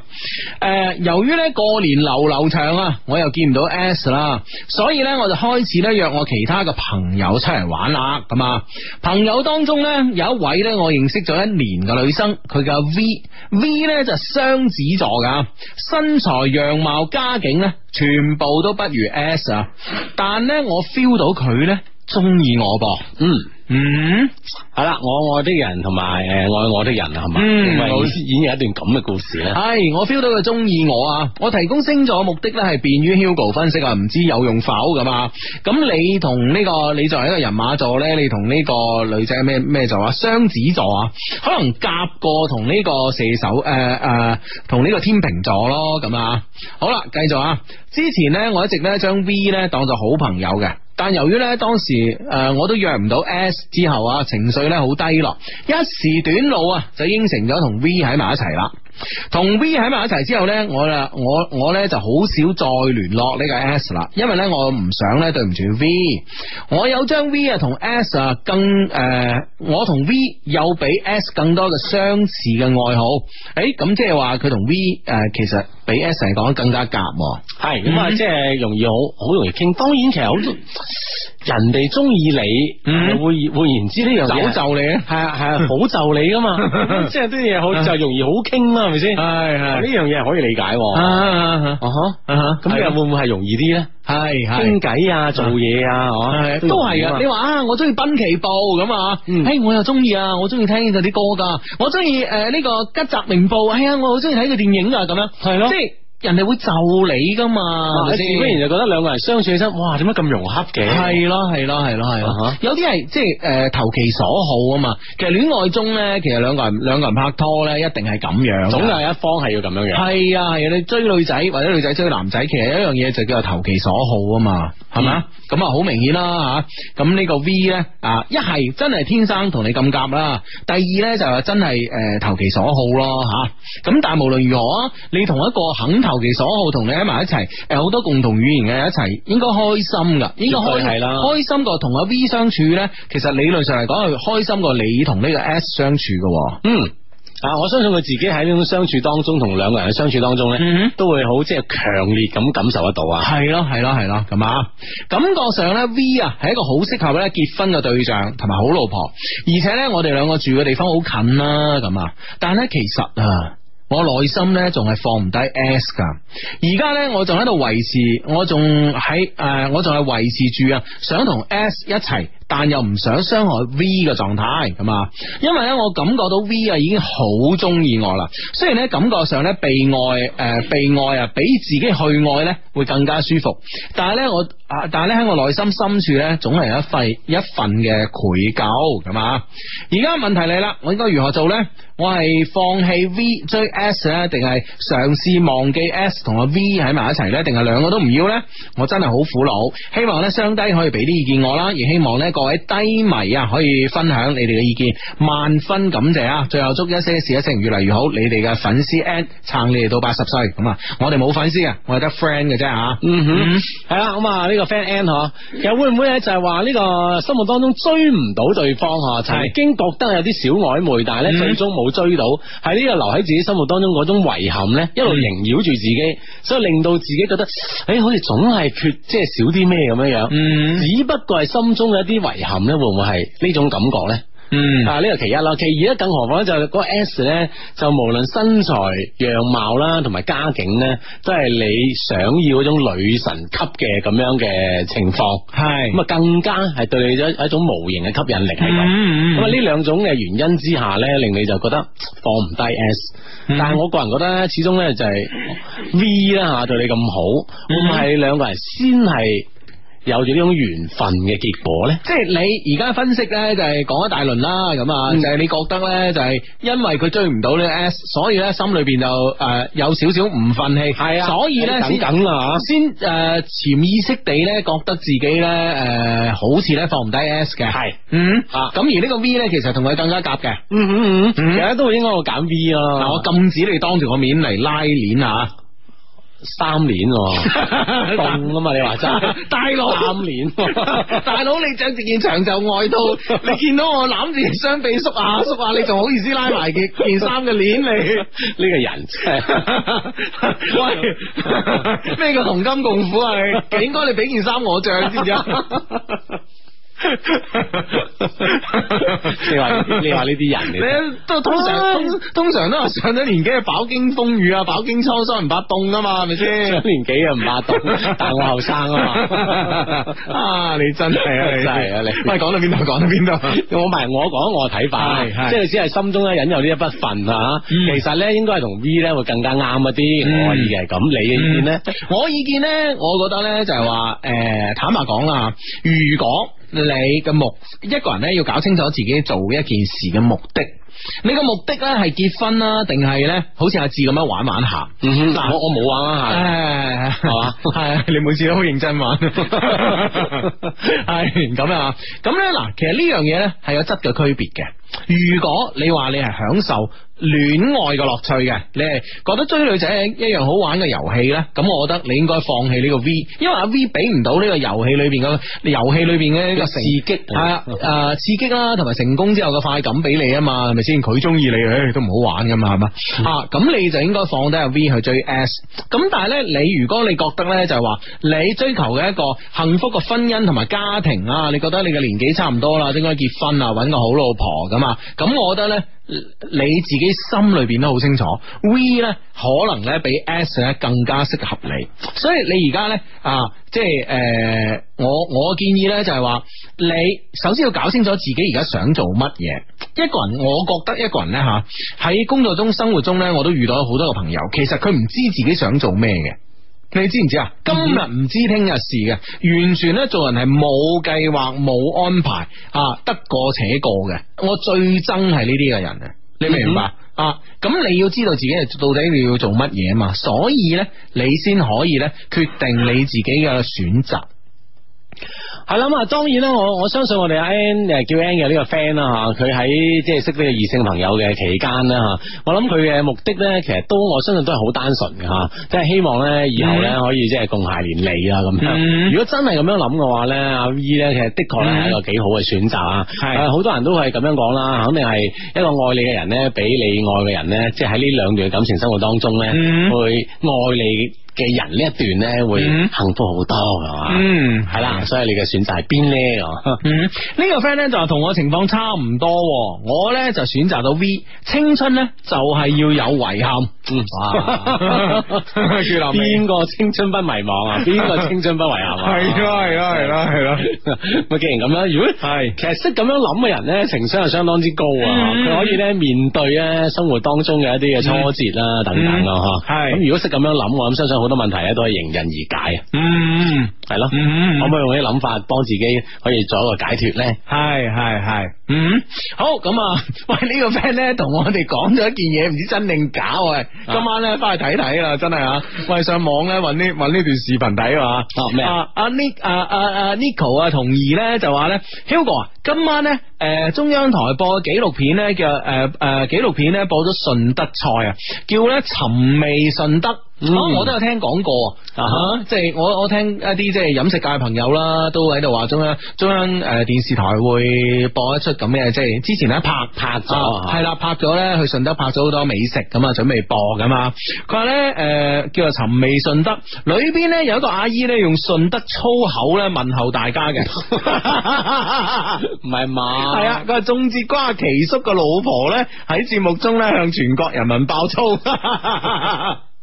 呃，由於呢過年流流長啊，我又見唔到 S 啦，所以呢，我就開始咧約我其他嘅朋友出嚟玩啦，咁啊，朋友當中呢，有一位呢，我認識咗一年嘅女生，佢叫 V，V 呢就雙子座噶，身材、樣貌、家境呢，全部都不如 S，但呢，我 feel 到佢呢。中意我噃？嗯嗯，係啦，我愛的人同埋誒愛我的人係嘛？嗯，演有一段咁嘅故事咧。係我 feel 到佢中意我啊！我提供星座嘅目的咧係便於 Hugo 分析啊，唔知有用否咁啊？咁你同呢、這個你作為一個人馬座咧，你同呢個女仔咩咩座啊？雙子座啊，可能夾過同呢個射手誒誒，同、呃、呢、呃、個天秤座咯咁啊！好啦，繼續啊！之前咧我一直咧將 V 咧當做好朋友嘅。但由於咧當時，誒我都約唔到 S 之後啊，情緒咧好低落，一時短路啊，就應承咗同 V 喺埋一齊啦。同 V 喺埋一齊之後呢，我啊，我我呢就好少再聯絡呢個 S 啦，因為呢我唔想呢對唔住 V，我有張 V 啊同 S 啊更誒、呃，我同 V 有比 S 更多嘅相似嘅愛好，誒咁即係話佢同 V 誒、呃、其實比 S 嚟講更加夾，係咁啊，即係容易好好容易傾，當然其實好多。人哋中意你，會會唔知呢樣嘢好就你，係係好就你噶嘛？即係啲嘢好就容易好傾啦，係咪先？係係呢樣嘢係可以理解。啊哈，咁你又會唔會係容易啲咧？係傾偈做嘢，啊，都係啊。你話我中意濱崎步咁，嘿，我又中意啊，我中意聽佢啲歌噶，我中意誒呢個吉澤明步，係啊，我好中意睇佢電影啊咁樣係咯。人哋會就你噶嘛？係咪先？哇，自不然就覺得兩個人相處起身，哇，點解咁融洽嘅？係咯，係咯，係咯，係咯。Uh huh. 有啲係即係誒投其所好啊嘛。其實戀愛中呢，其實兩個人兩個人拍拖呢，一定係咁樣，總有一方係要咁樣樣。係啊，係啊。你追女仔或者女仔追男仔，其實一樣嘢就叫做投其所好啊嘛。係咪？咁啊好明顯啦吓。咁呢個 V 呢，啊，一係真係天生同你咁夾啦。第二呢就係、真係誒、呃、投其所好咯吓。咁、啊、但係無論如何，你同一個肯。投其所好，同你喺埋一齊，誒，有好多共同語言嘅一齊，應該開心噶，應該開心啦，開心過同阿 V 相處呢，其實理論上嚟講，係開心過你同呢個 S 相處噶。嗯，啊，我相信佢自己喺呢種相處當中，同兩個人嘅相處當中呢，嗯、都會好即係強烈咁感受得到啊。係咯，係咯，係咯，咁啊，感覺上呢 V 啊，係一個好適合呢結婚嘅對象，同埋好老婆。而且呢，我哋兩個住嘅地方好近啦，咁啊，但係呢，其實啊。我內心咧仲係放唔低 S 噶，而家咧我仲喺度維持，我仲喺誒，我仲係維持住啊，想同 S 一齊。但又唔想傷害 V 嘅狀態，咁啊，因為咧我感覺到 V 啊已經好中意我啦。雖然咧感覺上咧被愛，誒、呃、被愛啊，比自己去愛咧會更加舒服。但係咧我啊，但係咧喺我內心深處咧，總係有一份一份嘅愧疚，咁啊。而家問題嚟啦，我應該如何做咧？我係放棄 V 追 S 咧，定係嘗試忘記 S 同阿 V 喺埋一齊咧，定係兩個都唔要咧？我真係好苦惱。希望咧雙低可以俾啲意見我啦，而希望咧。各位低迷啊，可以分享你哋嘅意見，萬分感謝啊！最後祝一些事一些情越嚟越好，你哋嘅粉絲 N 撐你哋到八十歲咁啊！我哋冇粉絲啊，我哋得 friend 嘅啫吓。嗯、hmm. 哼、這個，係啦，咁啊呢個 friend a N 嗬，其又會唔會咧就係話呢個心目當中追唔到對方，吓、mm，曾、hmm. 經覺得有啲小曖昧，但係咧最終冇追到，係呢、mm hmm. 個留喺自己心目當中嗰種遺憾咧，mm hmm. 一路縈繞住自己，所以令到自己覺得，誒、哎，好似總係缺即係、就是、少啲咩咁樣樣。嗯、mm，hmm. 只不過係心中嘅一啲遺憾咧會唔會係呢種感覺呢？嗯，啊呢個其一啦，其二咧，更何況咧就嗰個 S 咧，就無論身材樣貌啦，同埋家境呢，都係你想要嗰種女神級嘅咁樣嘅情況，係咁啊，更加係對你一一種無形嘅吸引力係咁，咁啊呢兩種嘅原因之下咧，令你就覺得放唔低 S，嗯，但係我個人覺得咧，始終咧就係 V 啦吓，對你咁好，唔係兩個人先係。有咗呢種緣分嘅結果呢，即係你而家分析呢，就係講一大輪啦，咁啊、嗯，就係你覺得呢，就係因為佢追唔到呢個 S，所以呢，心裏邊就誒有少少唔忿氣，係啊，所以呢，先等啊，先誒潛意識地呢，覺得自己呢，誒、呃、好似呢，放唔低 S 嘅，係、嗯，嗯，啊、嗯，咁而呢個 V 呢，其實同佢更加夾嘅，嗯嗯其實都會應該我揀 V 咯，嗱，我禁止你當住我面嚟拉鏈啊。三年凍啊嘛，你話齋 <laughs> 大佬哥，三年 <laughs> 大佬你着住件長袖外套，你見到我攬住雙臂縮啊縮啊，你仲好意思拉埋件件衫嘅鏈嚟？呢個人真，喂，咩叫同甘共苦啊？ <laughs> 應該你俾件衫我着先之。 <laughs> 你話，你話呢啲人你都通常通常，都係上咗年紀，飽經風雨啊，飽經滄桑，唔怕凍啊嘛，係咪先？上年紀啊，唔怕凍，但我後生啊嘛，你真係啊，你真係啊，你唔係講到邊度講到邊度？我唔係，我講我嘅睇法，即係只係心中咧引有呢一部分啊。其實咧，應該係同 V 咧會更加啱一啲，可以嘅。咁你嘅意見咧？我意見咧，我覺得咧就係話誒，坦白講啦，如果你嘅目，一個人咧要搞清楚自己做一件事嘅目的。你嘅目的咧係結婚啦，定係咧好似阿志咁樣玩玩下。嗱、嗯哼，我我冇玩玩下。係嘛，係你每次都好認真玩，係 <laughs> 咁啊。咁咧嗱，其實呢樣嘢咧係有質嘅區別嘅。如果你話你係享受戀愛嘅樂趣嘅，你係覺得追女仔一樣好玩嘅遊戲呢，咁我覺得你應該放棄呢個 V，因為阿 V 俾唔到呢個遊戲裏邊嘅遊戲裏邊嘅一個刺激，係、嗯、啊，誒、啊、刺激啦，同埋成功之後嘅快感俾你啊嘛，係咪先？佢中意你誒，都唔好玩噶嘛，係嘛？嗯、啊，咁你就應該放低阿 V 去追 S，咁但係呢，你如果你覺得呢，就係話你追求嘅一個幸福嘅婚姻同埋家庭啊，你覺得你嘅年紀差唔多啦，應該結婚啊，揾個好老婆咁。咁，我覺得呢，你自己心裏邊都好清楚，V 呢，可能咧比 S 咧更加適合你，所以你而家呢，啊，即係誒，我我建議呢，就係話，你首先要搞清楚自己而家想做乜嘢。一個人，我覺得一個人呢，吓喺工作中、生活中呢，我都遇到好多個朋友，其實佢唔知自己想做咩嘅。你知唔知啊？今日唔知聽日事嘅，完全呢做人係冇計劃冇安排啊，得過且過嘅。我最憎係呢啲嘅人啊，你明唔明白、嗯、哼啊？咁你要知道自己係到底要做乜嘢嘛，所以呢你先可以呢決定你自己嘅選擇。係啦，咁啊，當然啦，我我相信我哋阿 N 誒叫 N 嘅呢個 friend 啦吓，佢喺即係識呢個異性朋友嘅期間咧吓，我諗佢嘅目的咧，其實都我相信都係好單純嘅吓，即係希望咧以後咧可以即係共諧連理啊咁樣。嗯、如果真係咁樣諗嘅話咧，阿 V 咧其實的確係一個幾好嘅選擇啊。係、嗯，好多人都係咁樣講啦，肯定係一個愛你嘅人咧，俾你愛嘅人咧，即係喺呢兩段感情生活當中咧，去、嗯、愛你。嘅人呢一段咧會幸福好多㗎嘛？嗯，係啦，所以你嘅選擇係邊咧？嗯，呢個 friend 咧就話同我情況差唔多，我咧就選擇到 V，青春咧就係要有遺憾。嗯，哇！邊個 <laughs> 青春不迷茫啊？邊個青春不遺憾啊？係啦， <laughs> 係啦，係啦，係啦。咁 <laughs> 既然咁樣，如果係其實識咁樣諗嘅人咧，情商係相當之高啊！佢、嗯、可以咧面對咧生活當中嘅一啲嘅挫折啦等等咯，吓。係咁，如果識咁樣諗，我諗相信。好多問題咧，都係迎刃而解啊、嗯嗯！嗯，係、嗯、咯，可唔可以用啲諗法幫自己可以做一個解脫咧？系系系，嗯，好咁啊！喂，呢個 friend 咧同我哋講咗一件嘢，唔知真定假喂，今晚咧翻去睇睇啦，真係啊！喂，上網咧呢搵呢段視頻睇啊！啊咩啊？阿 Nick 啊啊啊 Nico 啊，同兒咧就話咧，Hugo 啊，今晚咧誒中央台播嘅紀錄片咧叫誒誒紀錄片咧播咗順德菜啊，叫咧尋味順德。嗯、我都有聽講過，即係、啊、哈我我聽一啲即係飲食界朋友啦，都喺度話中央中央誒、呃、電視台會播一出咁嘅，即、就、係、是、之前咧拍拍咗，係啦、哦、拍咗咧去順德拍咗好多美食，咁啊準備播㗎嘛。佢話咧誒，叫做尋味順德，裏邊咧有一個阿姨咧用順德粗口咧問候大家嘅，唔係嘛？係啊，佢係仲節瓜奇叔嘅老婆咧喺節目中咧向全國人民爆粗。 <laughs>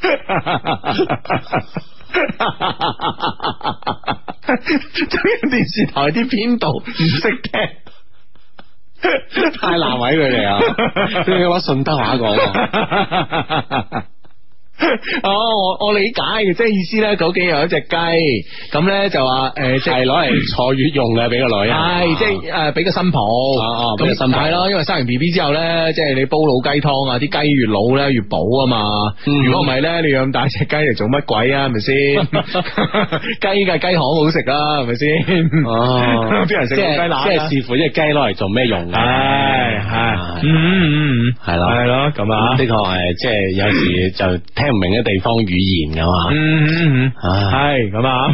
哈哈哈哈哈！哈哈哈哈哈！哈哈哈哈哈！中央電視台啲編導唔識聽， <laughs> 太難為佢哋啊！仲要用順德話講。 <laughs> 哦，我我理解嘅，即係意思咧，究竟有一隻雞咁咧，就話誒，即係攞嚟坐月用嘅俾個女，係即係誒俾個新抱，咁就神態咯，因為生完 B B 之後咧，即係你煲老雞湯啊，啲雞越老咧越補啊嘛，如果唔係咧，你養咁大隻雞嚟做乜鬼啊？係咪先？雞嘅雞殼好食啊？係咪先？哦，啲人食老雞乸，即係視乎一隻雞攞嚟做咩用？唉，係，嗯係咯，係咯，咁啊，的確係即係有時就唔明嘅地方語言噶嘛、嗯？嗯嗯嗯，係咁唉啊！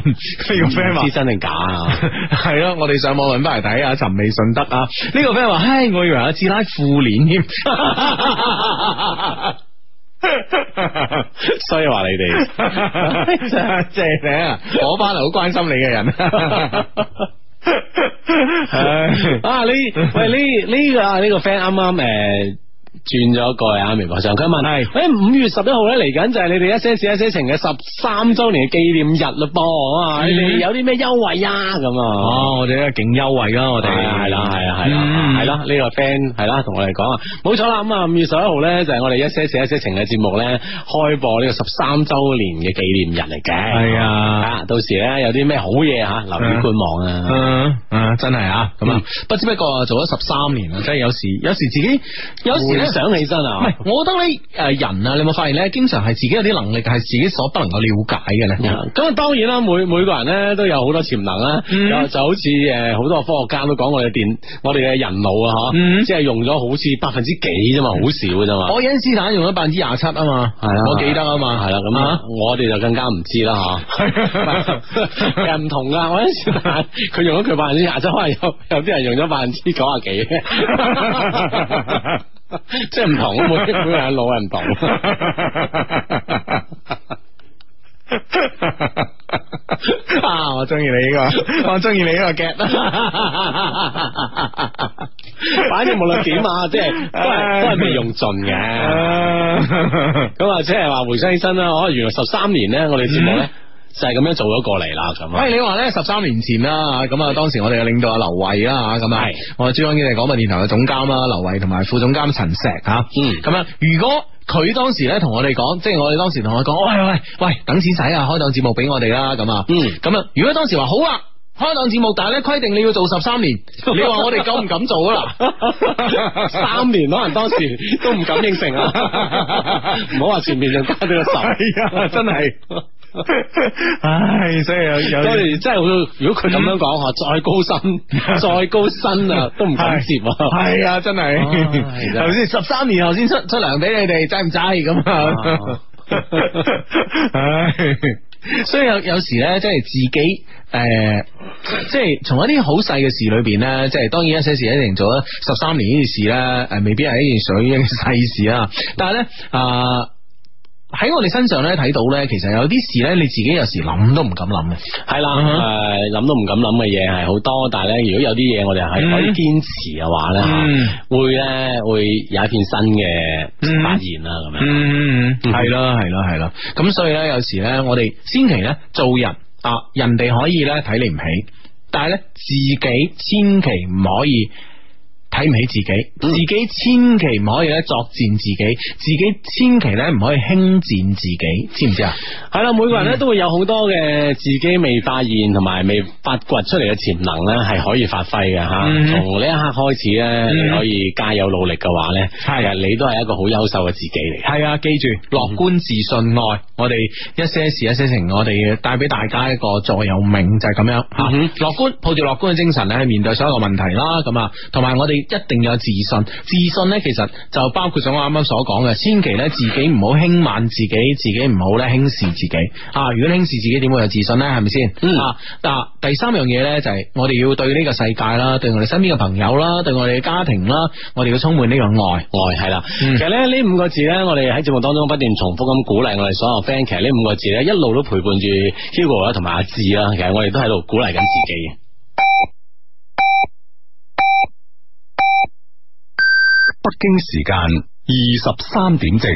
呢個 friend 話知真定假啊？係咯，我哋上網搵翻嚟睇，尋味順德啊！呢、這個 friend 話，唉，我以為阿志拉褲鏈添， <laughs> 所以話你哋真正啊，我嚟好關心你嘅人。 <laughs> <laughs> 啊，你 <laughs> 喂呢呢、這個呢、這個 friend 啱啱誒。呃轉咗一個啊，微博上佢問係，誒五是、欸、月十一號咧嚟緊就係你哋一些事一些情嘅十三周年嘅紀念日咯噃，的你哋有啲咩優惠啊咁？哦，我哋咧勁優惠咯、啊，我哋係啦係啊係啦，係啦呢個 friend 係啦，同、就是、我哋講啊，冇錯啦，咁五月十一號咧就係我哋一些事一些情嘅節目咧開播呢個十三周年嘅紀念日嚟嘅，係啊，到時咧有啲咩好嘢吓，留意觀望啊，嗯、啊啊啊，真係啊，咁啊、嗯，不知不覺做咗十三年，真係有時有時自己有時咧。想起身啊！唔係，我覺得呢誒人啊，你有冇發現咧？經常係自己有啲能力係自己所不能夠了解嘅咧。咁啊，當然啦，每每個人咧都有好多潛能啦。就好似誒，好多科學家都講我哋電，我哋嘅人腦啊，嗬，即係用咗好似百分之幾啫嘛，好少嘅啫嘛。愛因斯坦用咗百分之廿七啊嘛，係啊，我記得啊嘛，係啦，咁啊，我哋就更加唔知啦吓。又唔同噶，愛因斯坦佢用咗佢百分之廿七，可能有有啲人用咗百分之九啊幾。即係唔同啊，每每個人在老人同 <laughs> <laughs> 啊，我中意你呢、這個，我中意你呢、這個 get， <laughs> <laughs> <laughs> 反正無論點啊，即係都係都係未用盡嘅，咁啊， <laughs> <laughs> 即係話回想起身啦，哦，原來十三年咧，我哋節目咧。就係咁樣做咗過嚟啦，咁。喂，你話咧，十三年前啦，咁當時我哋嘅領導阿劉慧啦，咁係的我哋珠江經濟廣播電台嘅總監啦，劉慧同埋副總監陳石吓，嗯，咁樣。如果佢當時咧同我哋講，即係我哋當時同佢講，喂喂喂，等錢使啊，開檔節目俾我哋啦，咁，嗯，咁啊。如果當時話好啊，開檔節目，但係咧規定你要做十三年，你話我哋敢唔敢做啊？ <laughs> 三年可能當時都唔敢應承啊，唔好話前面就加咗個十，係啊、 <laughs> 哎，真係。 <laughs> <laughs> 唉，所以有有時真係好。如果佢咁樣講，話再高薪，再高薪啊，都唔敢接。係啊，真係，頭先十三年後先出出糧俾你哋，齋唔齋咁？唉，所以有有時咧，即係自己誒、呃，即係從一啲好細嘅事裏邊咧，即係當然一些事一定做咗十三年呢件事啦，誒，未必係一件水嘅細事啊，但係咧啊。呃喺我哋身上咧睇到咧，其實有啲事咧，你自己有時諗都唔敢諗嘅係啦，誒諗、uh huh. 都唔敢諗嘅嘢係好多。但係咧，如果有啲嘢我哋係可以堅持嘅話咧，吓會咧會有一片新嘅發現啦。咁、uh huh. 樣，係啦係啦係啦。咁、huh. 所以咧，有時咧，我哋千祈咧做人啊，人哋可以咧睇你唔起，但係咧自己千祈唔可以。睇唔起自己，自己千祈唔可以咧作賤自己，嗯、自己千祈咧唔可以輕賤自己，知唔知啊？係啦，每個人咧都會有好多嘅自己未發現同埋未發掘出嚟嘅潛能咧，係可以發揮嘅吓。從呢、嗯、一刻開始咧，你可以加油努力嘅話咧，係、嗯、你都係一個好優秀嘅自己嚟。係啊，記住樂觀、自信、愛，我哋一些事、一些情，我哋帶俾大家一個座右銘就係、是、咁樣吓。樂、嗯、觀，抱住樂觀嘅精神咧，去面對所有嘅問題啦。咁啊，同埋我哋。一定要有自信，自信咧其實就包括咗我啱啱所講嘅，千祈咧自己唔好輕慢自己，自己唔好咧輕視自己。啊，如果輕視自己，點會有自信呢？係咪先？嗯、啊，但第三樣嘢咧就係我哋要對呢個世界啦，對我哋身邊嘅朋友啦，對我哋嘅家庭啦，我哋要充滿呢個愛，愛係啦。嗯、其實咧呢五個字咧，我哋喺節目當中不斷重複咁鼓勵我哋所有 friend，其實呢五個字咧一路都陪伴住 Hugo 啦，同埋阿志啦，其實我哋都喺度鼓勵緊自己。北京時間二十三點正。